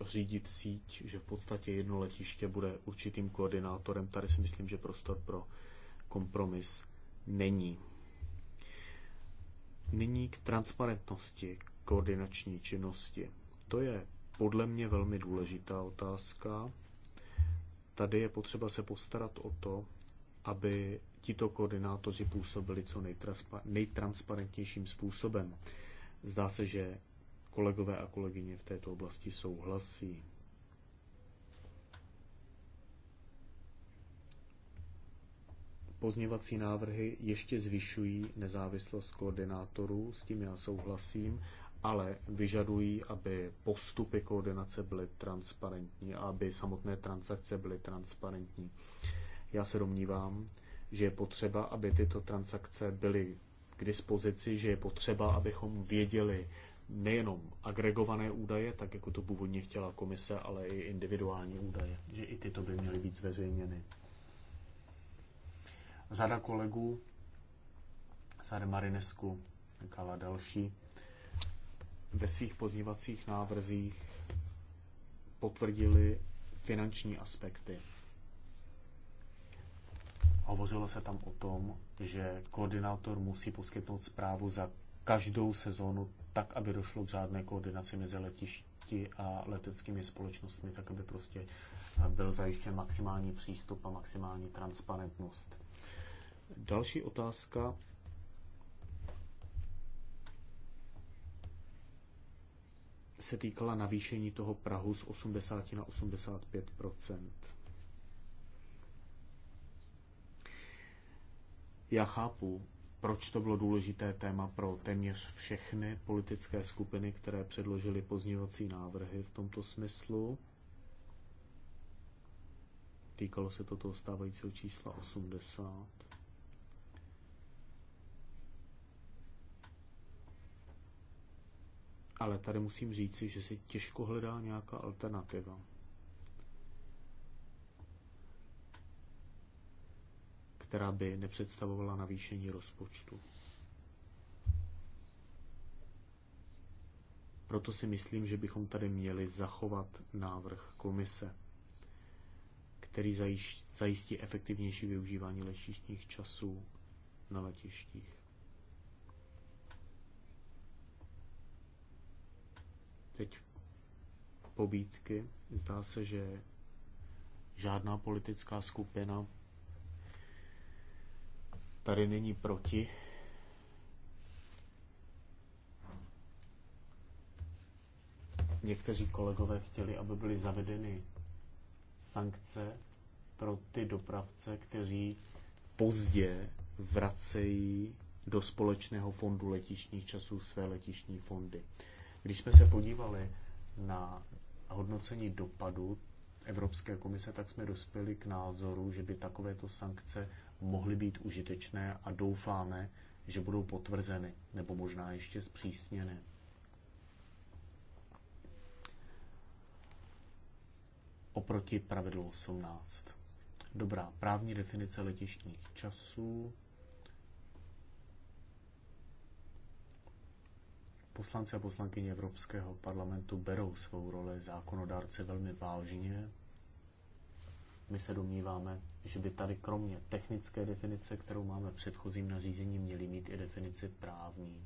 řídit síť, že v podstatě jedno letiště bude určitým koordinátorem. Tady si myslím, že prostor pro kompromis není. Nyní k transparentnosti koordinační činnosti. To je podle mě velmi důležitá otázka. Tady je potřeba se postarat o to, aby tito koordinátoři působili co nejtransparentnějším způsobem. Zdá se, že kolegové a kolegyně v této oblasti souhlasí. Pozněvací návrhy ještě zvyšují nezávislost koordinátorů, s tím já souhlasím, ale vyžadují, aby postupy koordinace byly transparentní a aby samotné transakce byly transparentní. Já se domnívám, že je potřeba, aby tyto transakce byly k dispozici, že je potřeba, abychom věděli nejenom agregované údaje, tak jako to původně chtěla komise, ale i individuální údaje, že i tyto by měly být zveřejněny. Řada kolegů, Sade Marinesku, Kala další, ve svých pozněvacích návrzích potvrdili finanční aspekty. Hovořilo se tam o tom, že koordinátor musí poskytnout zprávu za každou sezónu tak, aby došlo k řádné koordinaci mezi letišti a leteckými společnostmi, tak aby prostě byl zajištěn maximální přístup a maximální transparentnost. Další otázka se týkala navýšení toho Prahu z 80 na 85 Já chápu, proč to bylo důležité téma pro téměř všechny politické skupiny, které předložily pozměňovací návrhy v tomto smyslu. Týkalo se to toho stávajícího čísla 80. ale tady musím říci, že se těžko hledá nějaká alternativa. která by nepředstavovala navýšení rozpočtu. Proto si myslím, že bychom tady měli zachovat návrh komise, který zajistí efektivnější využívání letištních časů na letištích. teď pobídky. Zdá se, že žádná politická skupina tady není proti. Někteří kolegové chtěli, aby byly zavedeny sankce pro ty dopravce, kteří pozdě vracejí do společného fondu letišních časů své letišní fondy. Když jsme se podívali na hodnocení dopadu Evropské komise, tak jsme dospěli k názoru, že by takovéto sankce mohly být užitečné a doufáme, že budou potvrzeny nebo možná ještě zpřísněny. Oproti pravidlu 18. Dobrá, právní definice letišních časů. Poslanci a poslankyně Evropského parlamentu berou svou roli zákonodárce velmi vážně. My se domníváme, že by tady kromě technické definice, kterou máme v předchozím nařízení, měli mít i definici právní.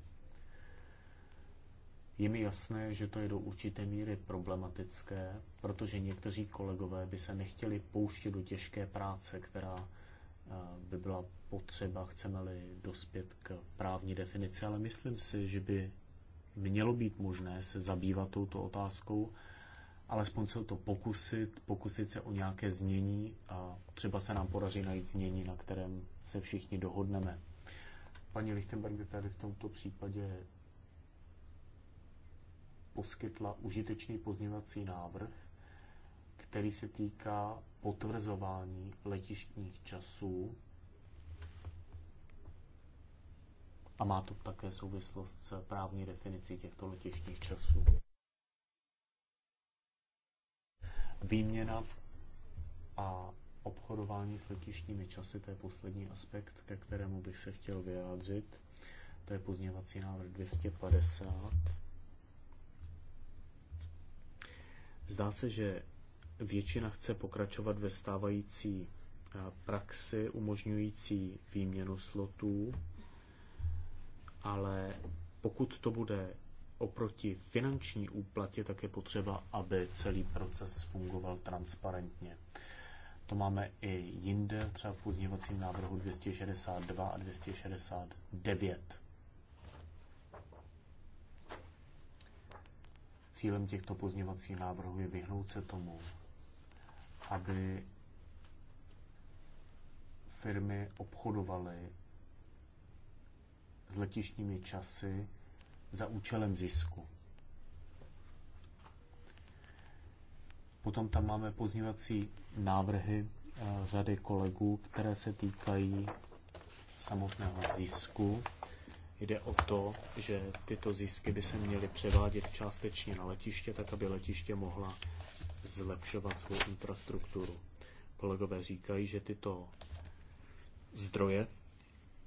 Je mi jasné, že to je do určité míry problematické, protože někteří kolegové by se nechtěli pouštět do těžké práce, která eh, by byla potřeba, chceme-li dospět k právní definici, ale myslím si, že by mělo být možné se zabývat touto otázkou, alespoň se to pokusit, pokusit se o nějaké znění a třeba se nám podaří najít znění, na kterém se všichni dohodneme. Paní Lichtenberg tady v tomto případě poskytla užitečný pozněvací návrh, který se týká potvrzování letištních časů a má to také souvislost s právní definicí těchto letištních časů. Výměna a obchodování s letišními časy, to je poslední aspekt, ke kterému bych se chtěl vyjádřit. To je pozměvací návrh 250. Zdá se, že většina chce pokračovat ve stávající eh, praxi umožňující výměnu slotů ale pokud to bude oproti finanční úplatě, tak je potřeba, aby celý proces fungoval transparentně. To máme i jinde, třeba v pozměňovacím návrhu 262 a 269. Cílem těchto pozměňovacích návrhů je vyhnout se tomu, aby firmy obchodovaly s letišními časy za účelem zisku. Potom tam máme pozněvací návrhy eh, řady kolegů, které se týkají samotného zisku. Jde o to, že tyto zisky by se měly převádět částečně na letiště, tak aby letiště mohla zlepšovat svou infrastrukturu. Kolegové říkají, že tyto zdroje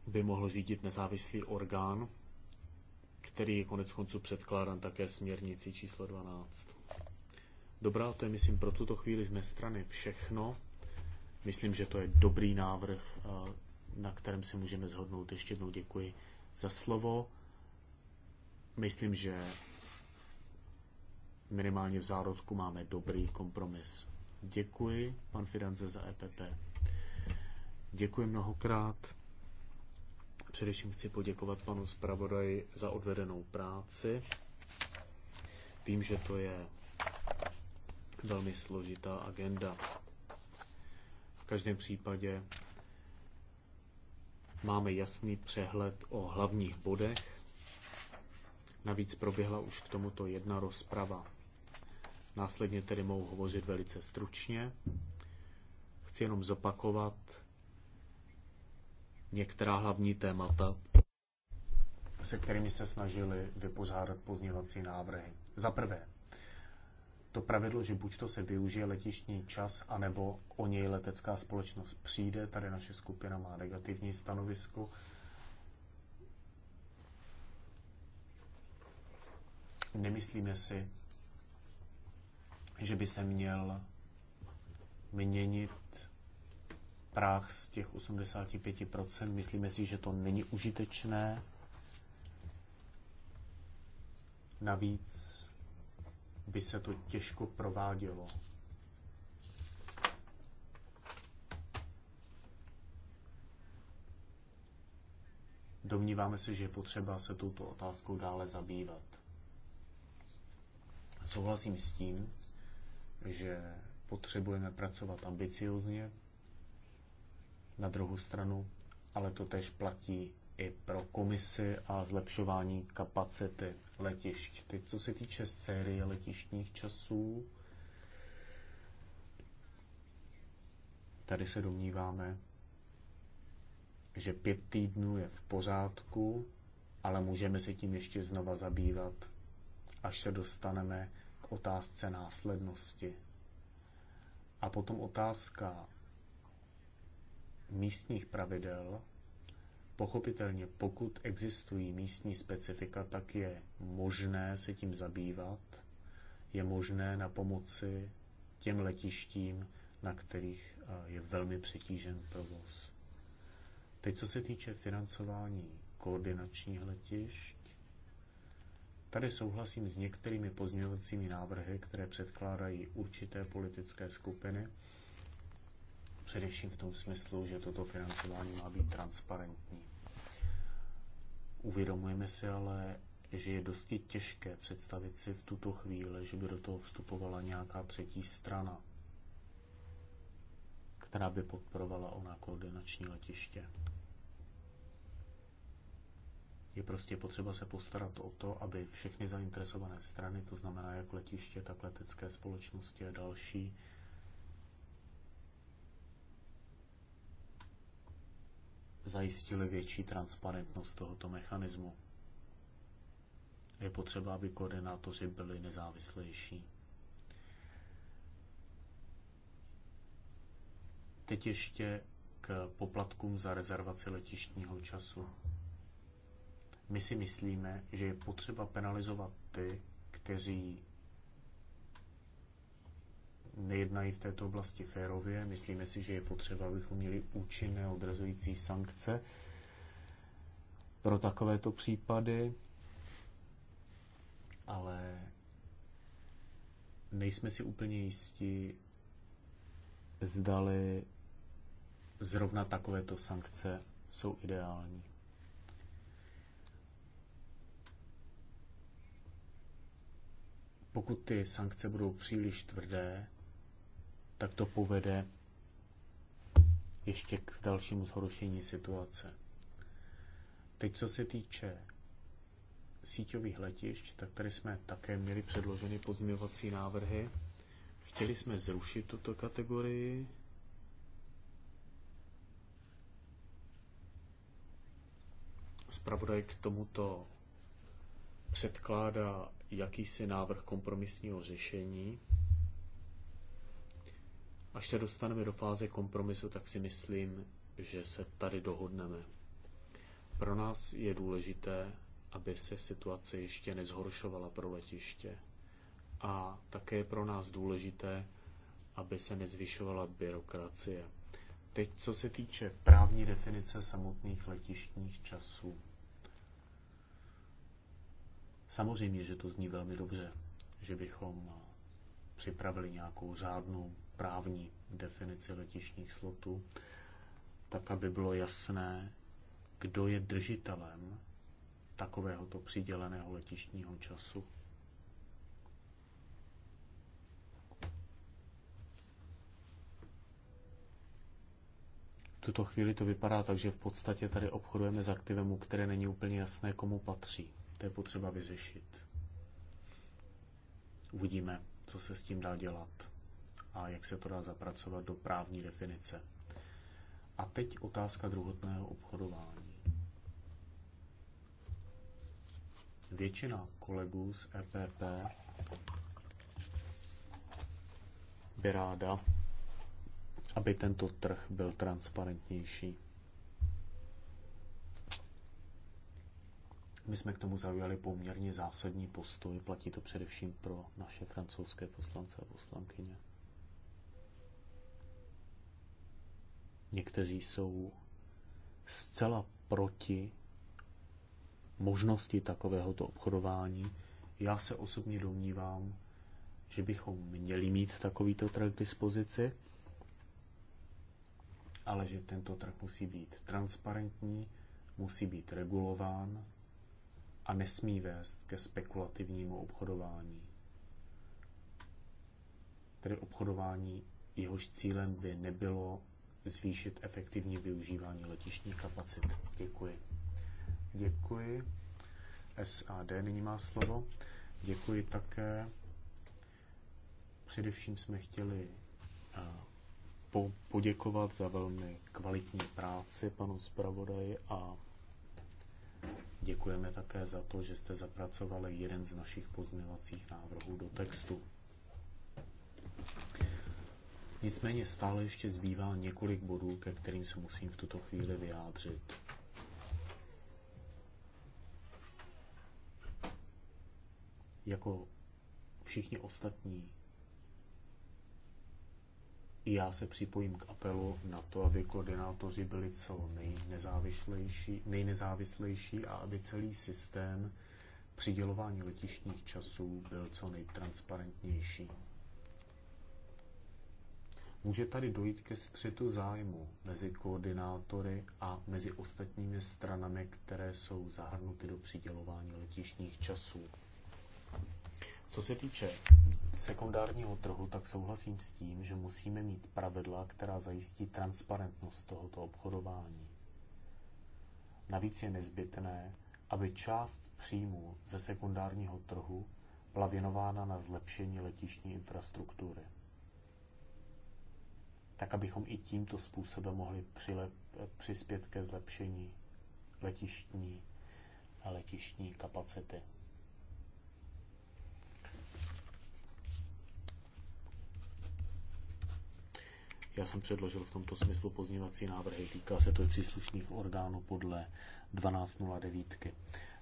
by mohl řídit nezávislý orgán, který je konec konců předkládán také směrnici číslo 12. Dobrá, to je myslím pro tuto chvíli z mé strany všechno. Myslím, že to je dobrý návrh, eh, na kterém se můžeme zhodnout. Ještě jednou děkuji za slovo. Myslím, že minimálně v zárodku máme dobrý kompromis. Děkuji, pan Fidanze, za EPP. Děkuji mnohokrát. Především chci poděkovat panu zpravodaji za odvedenou práci. Vím, že to je velmi složitá agenda. V každém případě máme jasný přehled o hlavních bodech. Navíc proběhla už k tomuto jedna rozprava. Následně tedy mohu hovořit velice stručně. Chci jenom zopakovat, některá hlavní témata, se kterými se snažili vypořádat pozněvací návrhy. Za prvé, to pravidlo, že buď to se využije letišní čas, anebo o něj letecká společnost přijde. Tady naše skupina má negativní stanovisko. Nemyslíme si, že by se měl měnit práh z těch 85%. Myslíme si, že to není užitečné. Navíc by se to těžko provádělo. Domníváme se, že je potřeba se touto otázkou dále zabývat. Souhlasím s tím, že potřebujeme pracovat ambiciozně, na druhou stranu, ale to tež platí i pro komisi a zlepšování kapacity letišť. Teď, co se týče série letištních časů, tady se domníváme, že pět týdnů je v pořádku, ale můžeme se tím ještě znova zabývat, až se dostaneme k otázce následnosti. A potom otázka místních pravidel. Pochopitelně, pokud existují místní specifika, tak je možné se tím zabývat, je možné na pomoci těm letištím, na kterých eh, je velmi přetížen provoz. Teď, co se týče financování koordinačních letišť, tady souhlasím s některými pozměňovacími návrhy, které předkládají určité politické skupiny. Především v tom smyslu, že toto financování má být transparentní. Uvědomujeme si ale, že je dosti těžké představit si v tuto chvíli, že by do toho vstupovala nějaká třetí strana, která by podporovala ona koordinační letiště. Je prostě potřeba se postarat o to, aby všechny zainteresované strany, to znamená jak letiště, tak letecké společnosti a další, zajistili větší transparentnost tohoto mechanismu. Je potřeba, aby koordinátoři byli nezávislejší. Teď ještě k poplatkům za rezervaci letištního času. My si myslíme, že je potřeba penalizovat ty, kteří nejednají v této oblasti férově. Myslíme si, že je potřeba, abychom měli účinné odrazující sankce pro takovéto případy, ale nejsme si úplně jistí, zdali zrovna takovéto sankce jsou ideální. Pokud ty sankce budou příliš tvrdé, tak to povede ještě k dalšímu zhoršení situace. Teď, co se týče síťových letišť, tak tady jsme také měli předloženy pozměňovací návrhy. Chtěli jsme zrušit tuto kategorii. Spravodaj k tomuto předkládá jakýsi návrh kompromisního řešení, Až se dostaneme do fáze kompromisu, tak si myslím, že se tady dohodneme. Pro nás je důležité, aby se situace ještě nezhoršovala pro letiště. A také je pro nás důležité, aby se nezvyšovala byrokracie. Teď, co se týče právní definice samotných letištních časů. Samozřejmě, že to zní velmi dobře, že bychom připravili nějakou řádnou právní definici letišních slotů, tak aby bylo jasné, kdo je držitelem takovéhoto přiděleného letišního času. tuto chvíli to vypadá tak, že v podstatě tady obchodujeme s aktivem, u které není úplně jasné, komu patří. To je potřeba vyřešit. Uvidíme, co se s tím dá dělat a jak se to dá zapracovat do právní definice. A teď otázka druhotného obchodování. Většina kolegů z EPP by ráda, aby tento trh byl transparentnější. My jsme k tomu zaujali poměrně zásadní postoj, platí to především pro naše francouzské poslance a poslankyně. Někteří jsou zcela proti možnosti takovéhoto obchodování. Já se osobně domnívám, že bychom měli mít takovýto trh k dispozici, ale že tento trh musí být transparentní, musí být regulován a nesmí vést ke spekulativnímu obchodování. Tedy obchodování, jehož cílem by nebylo zvýšit efektivní využívání letišních kapacit. Děkuji. Děkuji. SAD nyní má slovo. Děkuji také. Především jsme chtěli eh, poděkovat za velmi kvalitní práci panu zpravodaji a Děkujeme také za to, že jste zapracovali jeden z našich pozměvacích návrhů do textu. Nicméně stále ještě zbývá několik bodů, ke kterým se musím v tuto chvíli vyjádřit. Jako všichni ostatní i já se připojím k apelu na to, aby koordinátoři byli co nejnezávislejší, nejnezávislejší a aby celý systém přidělování letišních časů byl co nejtransparentnější. Může tady dojít ke střetu zájmu mezi koordinátory a mezi ostatními stranami, které jsou zahrnuty do přidělování letišních časů. Co se týče sekundárního trhu, tak souhlasím s tím, že musíme mít pravidla, která zajistí transparentnost tohoto obchodování. Navíc je nezbytné, aby část příjmů ze sekundárního trhu byla věnována na zlepšení letišní infrastruktury. Tak, abychom i tímto způsobem mohli přilep, přispět ke zlepšení letištní, letištní kapacity. Já jsem předložil v tomto smyslu pozněvací návrhy, týká se to i příslušných orgánů podle 1209.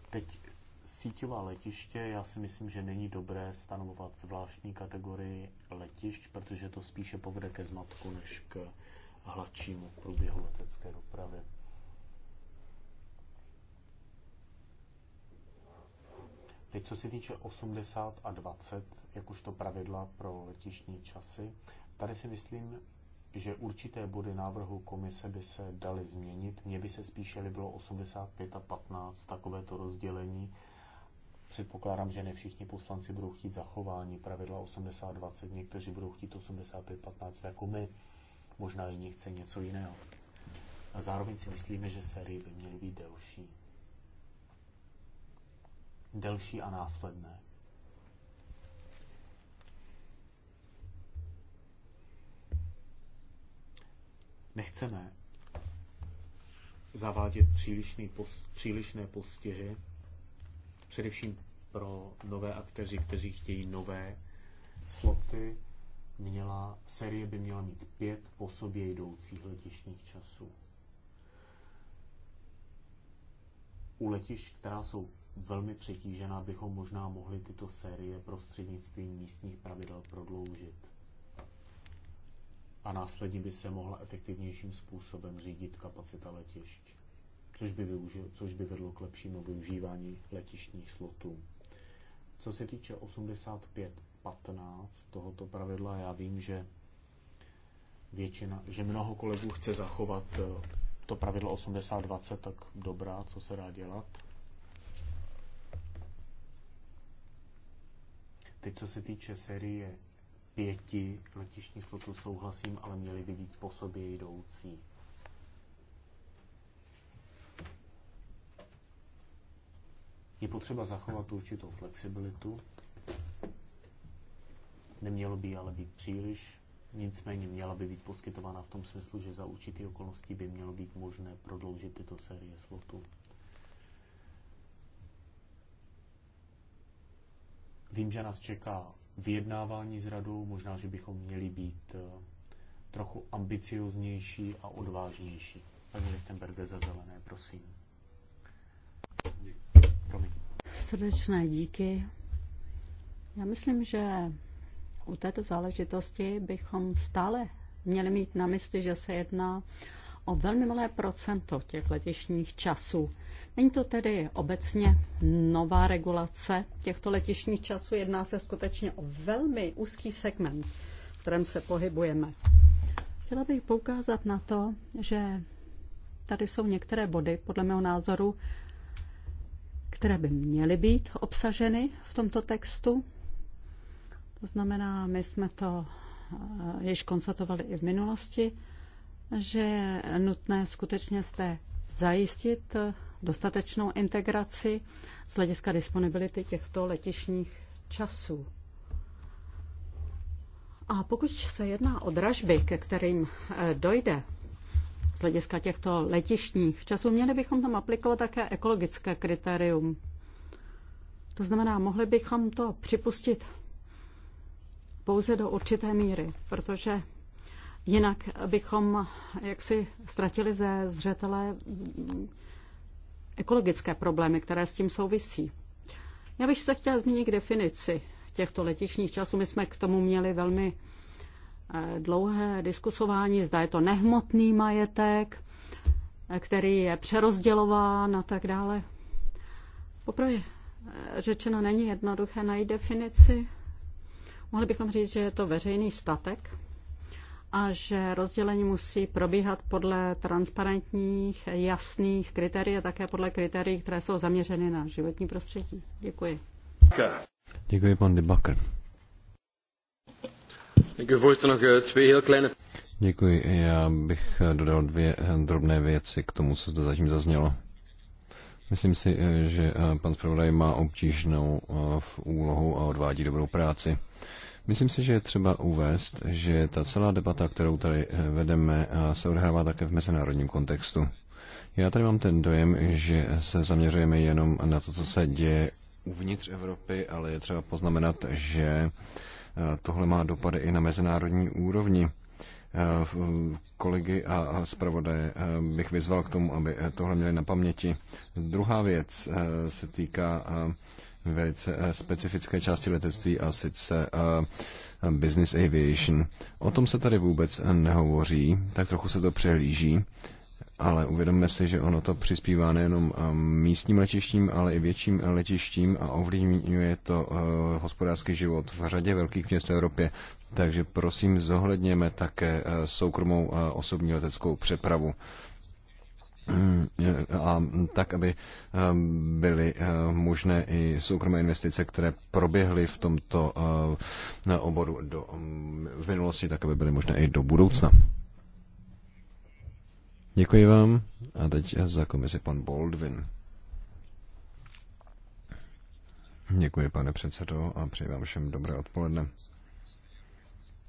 Teď síťová letiště, já si myslím, že není dobré stanovovat zvláštní kategorii letišť, protože to spíše povede ke zmatku než k hladšímu průběhu letecké dopravy. Teď, co se týče 80 a 20, jakožto pravidla pro letišní časy, tady si myslím, že určité body návrhu komise by se daly změnit. Mně by se spíše líbilo 85 a 15, takovéto rozdělení. Předpokládám, že ne všichni poslanci budou chtít zachování pravidla 80-20, někteří budou chtít 85-15 jako my, možná jiní chce něco jiného. A zároveň si myslíme, že série by měly být delší. Delší a následné. Nechceme zavádět přílišný pos, přílišné postihy, především pro nové akteři, kteří chtějí nové sloty. Měla, série by měla mít pět po sobě jdoucích letišních časů. U letišť, která jsou velmi přetížená, bychom možná mohli tyto série prostřednictvím místních pravidel prodloužit a následně by se mohla efektivnějším způsobem řídit kapacita letišť, což by, využil, což by vedlo k lepšímu využívání letištních slotů. Co se týče 85.15 tohoto pravidla, já vím, že většina, že mnoho kolegů chce zachovat eh, to pravidlo 80.20, tak dobrá, co se dá dělat. Teď, co se týče série pěti letišních slotů souhlasím, ale měly by být po sobě jdoucí. Je potřeba zachovat určitou flexibilitu, nemělo by ale být příliš, nicméně měla by být poskytována v tom smyslu, že za určitý okolností by mělo být možné prodloužit tyto série slotů. Vím, že nás čeká vyjednávání s radou. Možná, že bychom měli být eh, trochu ambicioznější a odvážnější. Paní Lichtenberger za zelené, prosím. Promiň. Srdečné díky. Já myslím, že u této záležitosti bychom stále měli mít na mysli, že se jedná o velmi malé procento těch letišních časů, Není to tedy obecně nová regulace těchto letišních časů, jedná se skutečně o velmi úzký segment, v kterém se pohybujeme. Chtěla bych poukázat na to, že tady jsou některé body, podle mého názoru, které by měly být obsaženy v tomto textu. To znamená, my jsme to eh, již konstatovali i v minulosti, že je nutné skutečně zde zajistit eh, dostatečnou integraci z hlediska disponibility těchto letišních časů. A pokud se jedná o dražby, ke kterým eh, dojde z hlediska těchto letišních časů, měli bychom tam aplikovat také ekologické kritérium. To znamená, mohli bychom to připustit pouze do určité míry, protože jinak bychom eh, jaksi ztratili ze zřetele ekologické problémy, které s tím souvisí. Já bych se chtěla zmínit k definici těchto letišních časů. My jsme k tomu měli velmi eh, dlouhé diskusování, zda je to nehmotný majetek, eh, který je přerozdělován a tak dále. Poprvé eh, řečeno není jednoduché najít definici. Mohli bychom říct, že je to veřejný statek, a že rozdělení musí probíhat podle transparentních, jasných kritérií a také podle kritérií, které jsou zaměřeny na životní prostředí. Děkuji. Děkuji, pan Debakr. Eh, Děkuji. Já bych eh, dodal dvě eh, drobné věci k tomu, co zde zatím zaznělo. Myslím si, že pan zpravodaj má obtížnou úlohu a odvádí dobrou práci. Myslím si, že je třeba uvést, že ta celá debata, kterou tady eh, vedeme, eh, se odehrává také v mezinárodním kontextu. Já tady mám ten dojem, že se zaměřujeme jenom na to, co se děje uvnitř Evropy, ale je třeba poznamenat, že eh, tohle má dopady i na mezinárodní úrovni. Kolegy a zpravodaje bych vyzval k tomu, aby tohle měli na paměti. Druhá věc se týká velice eh, specifické části letectví a sice eh, business aviation. O tom se tady vůbec nehovoří, tak trochu se to přehlíží, ale uvědomme si, že ono to přispívá nejenom eh, místním letištím, ale i větším letištím a ovlivňuje to hospodářský život v řadě velkých měst v Evropě. Takže prosím, zohledněme také soukromou osobní leteckou přepravu a tak, aby ehm, byly ehm, možné i soukromé investice, které proběhly v tomto ehm, oboru do, mm, minulosti, tak, aby byly možné i do budoucna. Děkuji vám. A teď za komisi pan Baldwin. Děkuji, pane předsedo, a přeji vám všem dobré odpoledne.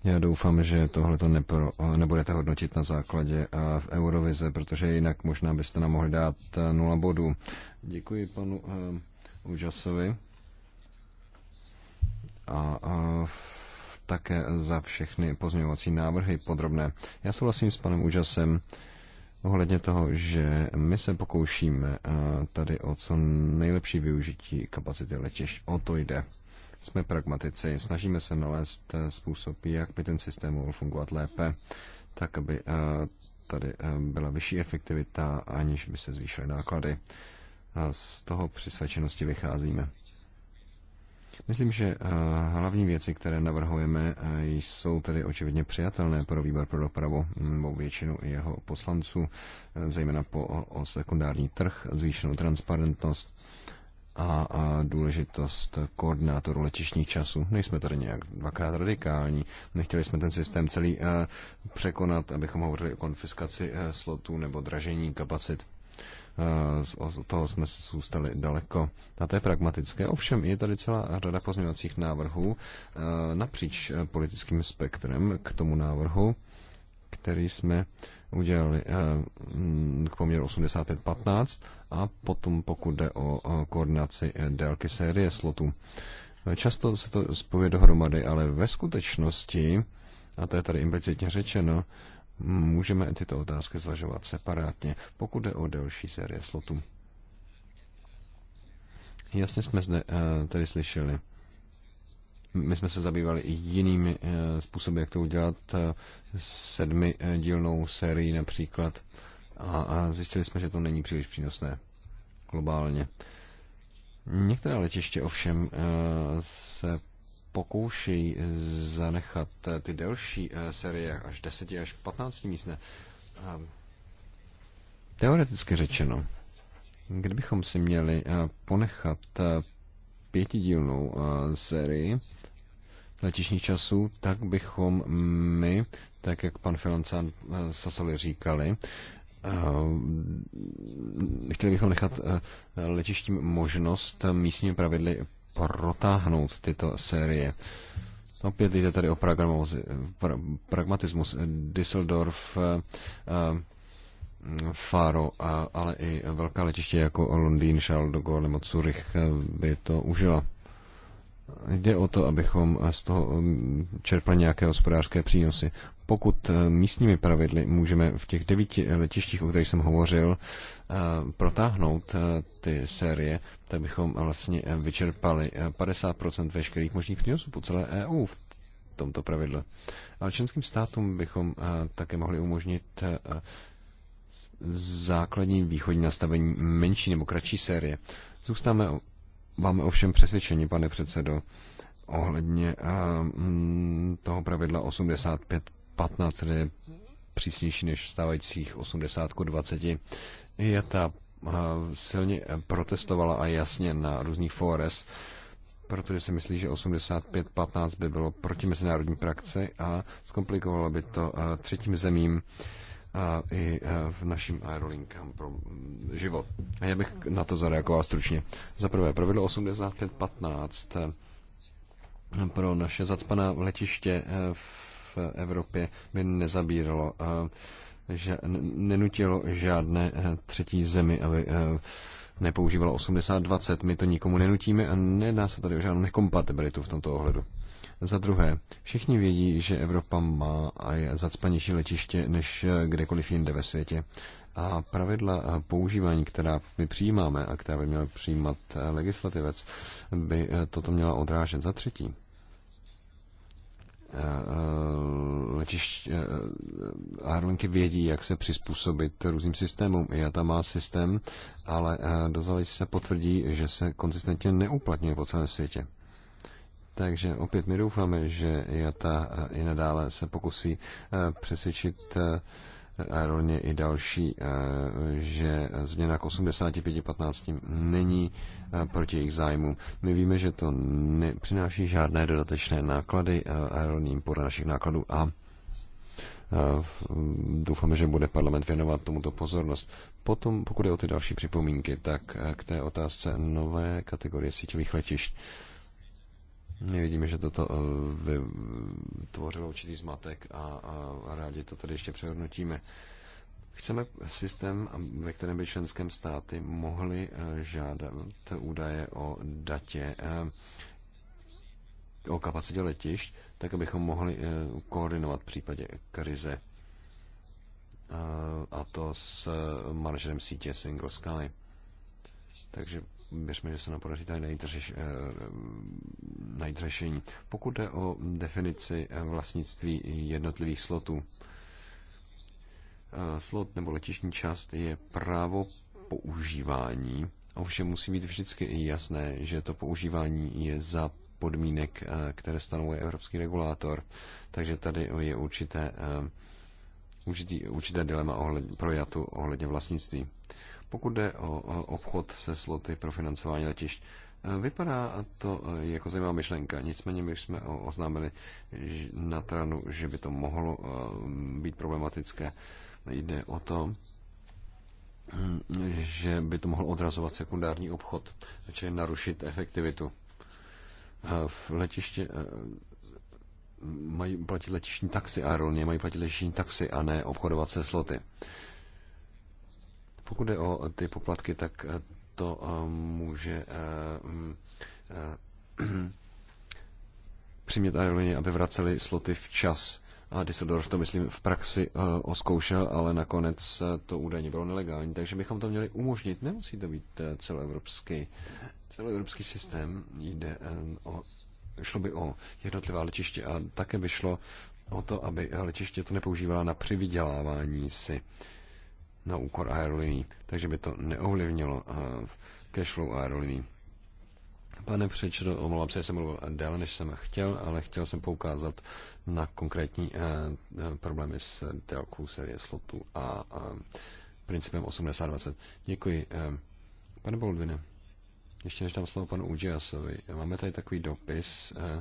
Já doufám, že tohle to nebudete hodnotit na základě v Eurovize, protože jinak možná byste nám mohli dát e, nula bodů. Děkuji panu e, uh, Úžasovi a, a v, také za všechny pozměňovací návrhy podrobné. Já souhlasím s panem Úžasem ohledně toho, že my se pokoušíme uh, tady o co nejlepší využití kapacity letišť. O to jde jsme pragmatici, snažíme se nalézt způsob, jak by ten systém mohl fungovat lépe, tak aby eh, tady eh, byla vyšší efektivita, aniž by se zvýšily náklady. A z toho při vycházíme. Myslím, že eh, hlavní věci, které navrhujeme, jsou tedy očividně přijatelné pro výbor pro dopravu nebo většinu jeho poslanců, zejména po o sekundární trh, zvýšenou transparentnost a, a důležitost koordinátoru letišních časů. Nejsme tady nějak dvakrát radikální. Nechtěli jsme ten systém celý a, eh, překonat, abychom hovořili o konfiskaci eh, slotů nebo dražení kapacit. Eh, z toho jsme zůstali daleko. A to je pragmatické. Ovšem je tady celá řada pozměňovacích návrhů napříč politickým spektrem k tomu návrhu, který jsme udělali k poměru 85-15 a potom pokud jde o koordinaci eh, délky série slotů. Eh, často se to spově dohromady, ale ve skutečnosti, a to je tady implicitně řečeno, můžeme tyto otázky zvažovat separátně, pokud jde o delší série slotů. Jasně jsme zde eh, tady slyšeli. My jsme se zabývali i jinými způsoby, jak to udělat. Sedmi dílnou sérii například a, a zjistili jsme, že to není příliš přínosné globálně. Některé letiště ovšem eh, se pokoušejí zanechat eh, ty delší eh, série až 10 až 15 místné. Teoreticky řečeno, kdybychom si měli ponechat pětidílnou sérii letišních časů, tak bychom my, tak jak pan Filancán Sasoli říkali, Eh, chtěli bychom nechat eh, letištím možnost místními pravidly protáhnout tyto série. Opět jde tady o pragmatismus. Düsseldorf, eh, Faro, ale i velká letiště jako Londýn, Charles de Gaulle nebo Zurich by to užila. Jde o to, abychom z toho um, čerpali nějaké hospodářské přínosy. Pokud eh, místními pravidly můžeme v těch devíti letištích, o kterých jsem hovořil, eh, protáhnout eh, ty série, tak bychom vlastně vyčerpali 50% veškerých možných přínosů po celé EU v tomto pravidle. Ale členským státům bychom také mohli umožnit základní východní nastavení menší nebo kratší série. Zůstáme Máme ovšem přesvědčení, pane předsedo, ohledně eh, mm, toho pravidla 85-15, které je přísnější než stávajících 80 20. Je ta eh, silně protestovala a jasně na různých fórech, protože si myslí, že 85-15 by bylo proti mezinárodní praxi a zkomplikovalo by to eh, třetím zemím i e, v našim aerolinkám pro mm, život. A já bych na to zareagoval stručně. Za prvé, pravidlo 8515 e, pro naše zacpaná letiště e, v Evropě by nezabíralo, že nenutilo žádné třetí zemi, aby nepoužívalo 80-20. My to nikomu nenutíme a nedá se tady o žádnou nekompatibilitu v tomto ohledu. Za druhé, všichni vědí, že Evropa má a je zacpanější letiště než kdekoliv jinde ve světě. A pravidla používání, která my přijímáme a která by měl přijímat legislativec, by toto měla odrážet. Za třetí, eh, eh, letiště eh, aerolinky vědí, jak se přizpůsobit různým systémům. IATA má systém, ale dozali se potvrdí, že se konzistentně neuplatňuje po celém světě. Takže opět my doufáme, že JATA eh, i nadále se pokusí eh, přesvědčit eh, rovně i další, že změna k 85-15 není proti jejich zájmu. My víme, že to nepřináší žádné dodatečné náklady Aeroním podle našich nákladů a doufáme, že bude parlament věnovat tomuto pozornost. Potom, pokud je o ty další připomínky, tak k té otázce nové kategorie síťových letišť. My vidíme, že toto eh, vytvořilo určitý zmatek a, a rádi to tady ještě přehodnotíme. Chceme systém, ve kterém by členském státy mohly eh, žádat údaje o datě, eh, o kapacitě letišť, tak abychom mohli koordinovat v případě krize. A to s manažerem sítě Single Sky. Takže věřme, že se nám podaří tady najít, řeš, eh, najít řešení. Pokud jde o definici eh, vlastnictví jednotlivých slotů, eh, slot nebo letišní část je právo používání. Ovšem musí být vždycky jasné, že to používání je za podmínek, které stanovuje evropský regulátor. Takže tady je určité, určitý, určité dilema ohled, projatu ohledně vlastnictví. Pokud jde o obchod se sloty pro financování letišť, eh, Vypadá to eh, jako zajímavá myšlenka, nicméně my jsme eh, oznámili na tranu, že by to mohlo být problematické. Jde o to, hm, že by to mohlo odrazovat sekundární obchod, čili narušit efektivitu. V letiště mají platit letišní taxi, aerolinie mají platit letišní taxi a ne obchodovat se sloty. Pokud jde o ty poplatky, tak eh, to eh, může eh, mm, [clears throat] přimět aerolinie, aby vraceli sloty včas. A Düsseldorf to, myslím, v praxi uh, oskoušel, ale nakonec to údajně bylo nelegální, takže bychom to měli umožnit. Nemusí to být uh, celoevropský, celoevropský systém. Jde uh, o, šlo by o jednotlivá letiště a také by šlo o to, aby letiště to nepoužívala na přivydělávání si. Uh, na úkor aerolinií, takže by to neovlivnilo eh, cashflow aerolinií. Pane předsedo, omlouvám se, že jsem mluvil déle, než jsem chtěl, ale chtěl jsem poukázat na konkrétní eh, eh problémy s délkou série slotů a eh, principem 80-20. Děkuji. Eh, pane Boldvine, ještě než dám slovo panu Ujiasovi, máme tady takový dopis, eh,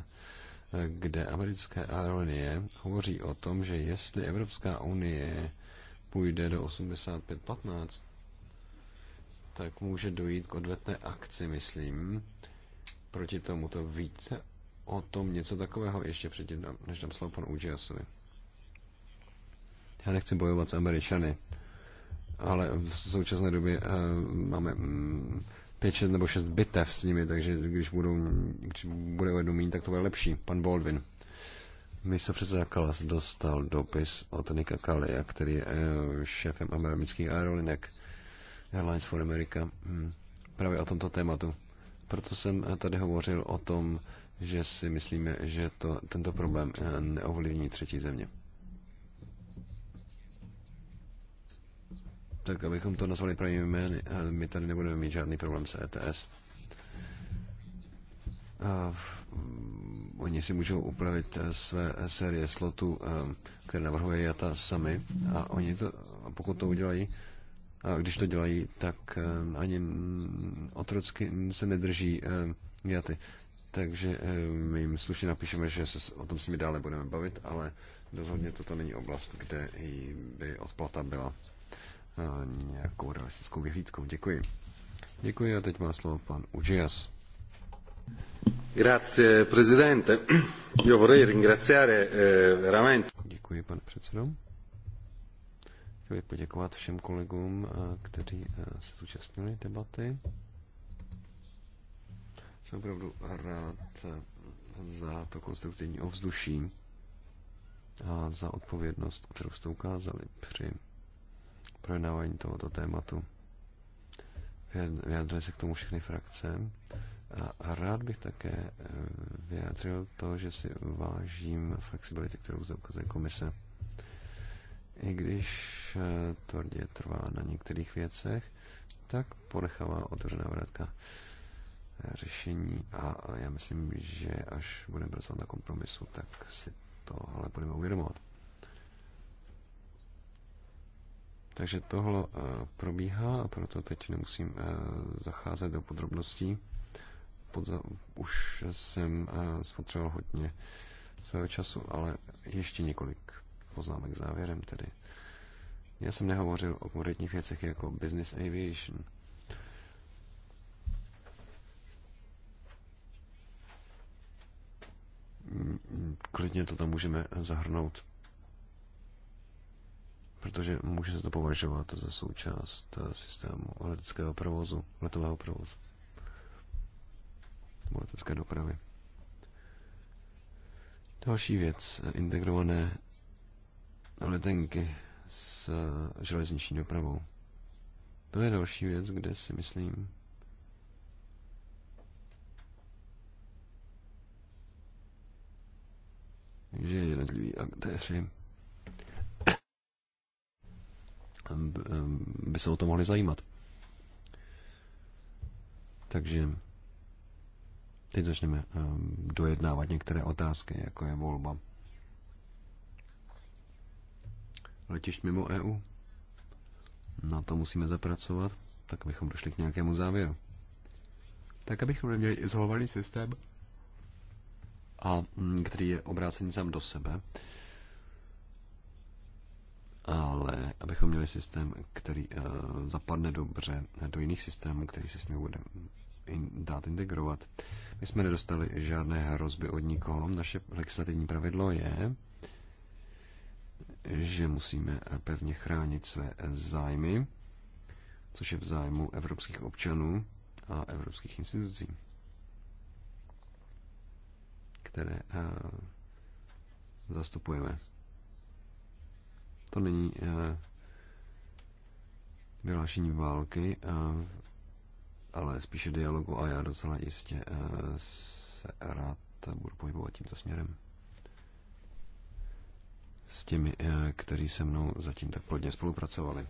eh, kde americké aerolinie hovoří o tom, že jestli Evropská unie půjde do 85-15, tak může dojít k odvetné akci, myslím. Proti tomu to víte o tom něco takového ještě předtím, než tam slovo pan Ujiasovi. Já nechci bojovat s Američany, ale v současné době uh, máme um, pět, šest nebo šest bitev s nimi, takže když, budou, když bude o jednu méně, tak to bude lepší. Pan Baldwin. Místopředseda Kalas dostal dopis od Nika Kalia, který je eh, šéfem amerických aerolinek Airlines for America hm, právě o tomto tématu. Proto jsem eh, tady hovořil o tom, že si myslíme, že to, tento problém eh, neovlivní třetí země. Tak abychom to nazvali pravými jmény, my tady nebudeme mít žádný problém s ETS oni si můžou upravit eh, své eh, série slotů, eh, které navrhuje JATA sami a oni to, pokud to udělají, a když to dělají, tak ani mm, otrocky se nedrží JATY. Takže my jim slušně napíšeme, že se o tom s nimi dále budeme bavit, ale rozhodně toto není oblast, kde by odplata byla nějakou realistickou vyhlídkou. Děkuji. Děkuji a teď má slovo pan Ujias. Grazie, presidente. Io vorrei ringraziare eh, veramente. Děkuji, pane předsedo. Chtěl bych poděkovat všem kolegům, eh, kteří eh, se zúčastnili debaty. Jsem opravdu rád eh, za to konstruktivní ovzduší a za odpovědnost, kterou jste ukázali při projednávání tohoto tématu. Vyjádřily se k tomu všechny frakce. A rád bych také eh, vyjádřil to, že si vážím flexibility, kterou zde ukazuje komise. I když eh, tvrdě trvá na některých věcech, tak ponechává otevřená vrátka eh, řešení a já myslím, že až budeme pracovat na kompromisu, tak si tohle budeme uvědomovat. Takže tohle probíhá a proto teď nemusím zacházet do podrobností podza, už jsem eh, spotřeboval hodně svého času, ale ještě několik poznámek závěrem tedy. Já jsem nehovořil o konkrétních věcech jako business aviation. Klidně to tam můžeme zahrnout, protože může se to považovat za součást eh, systému leteckého provozu, letového provozu nebo letecké dopravy. Další věc, integrované letenky s eh, železniční dopravou. To je další věc, kde si myslím, že jednotliví aktéři eh, by se o to mohli zajímat. Takže Teď začneme ehm, dojednávat některé otázky, jako je volba. Letišť mimo EU. Na to musíme zapracovat, tak abychom došli k nějakému závěru. Tak abychom neměli izolovaný systém, a mm, který je obrácený sám do sebe, ale abychom měli systém, který eh, zapadne dobře do jiných systémů, který se s ním bude dát integrovat. My jsme nedostali žádné hrozby od nikoho. Naše legislativní pravidlo je, že musíme pevně chránit své zájmy, což je v zájmu evropských občanů a evropských institucí, které eh, zastupujeme. To není eh, vyhlášení války eh, ale spíše dialogu a já docela jistě eh, se rád budu pohybovat tímto směrem. S těmi, eh, kteří se mnou zatím tak plodně spolupracovali.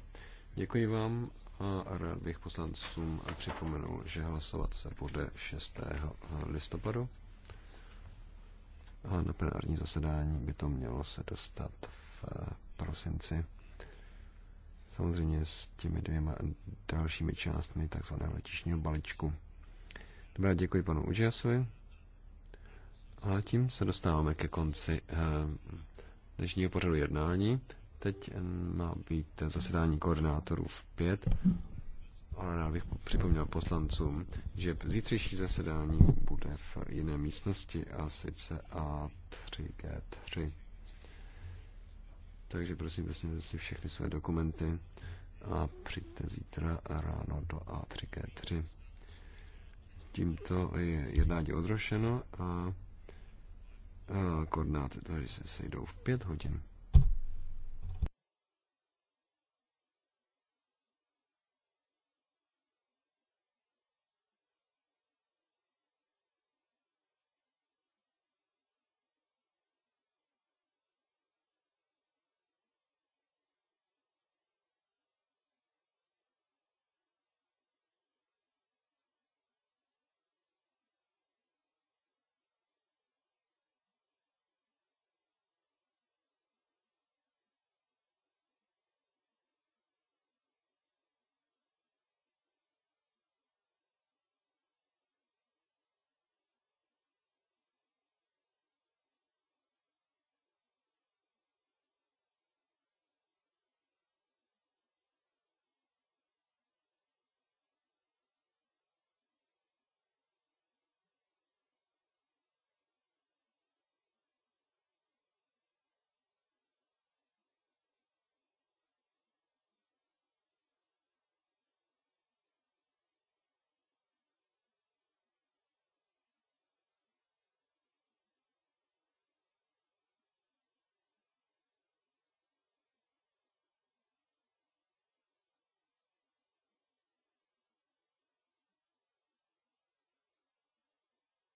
Děkuji vám a rád bych poslancům připomenul, že hlasovat se bude 6. listopadu a na plenární zasedání by to mělo se dostat v eh, prosinci samozřejmě s těmi dvěma dalšími částmi takzvaného letišního balíčku. Dobrá, děkuji panu Užasovi. A tím se dostáváme ke konci eh, dnešního pořadu jednání. Teď eh, má být zasedání koordinátorů v pět, ale rád bych připomněl poslancům, že zítřejší zasedání bude v jiné místnosti a sice A3G3. Takže prosím, vezměte si všechny své dokumenty a přijďte zítra ráno do A3G3. Tímto je jednání odrošeno a, a koordináty tady se sejdou v pět hodin.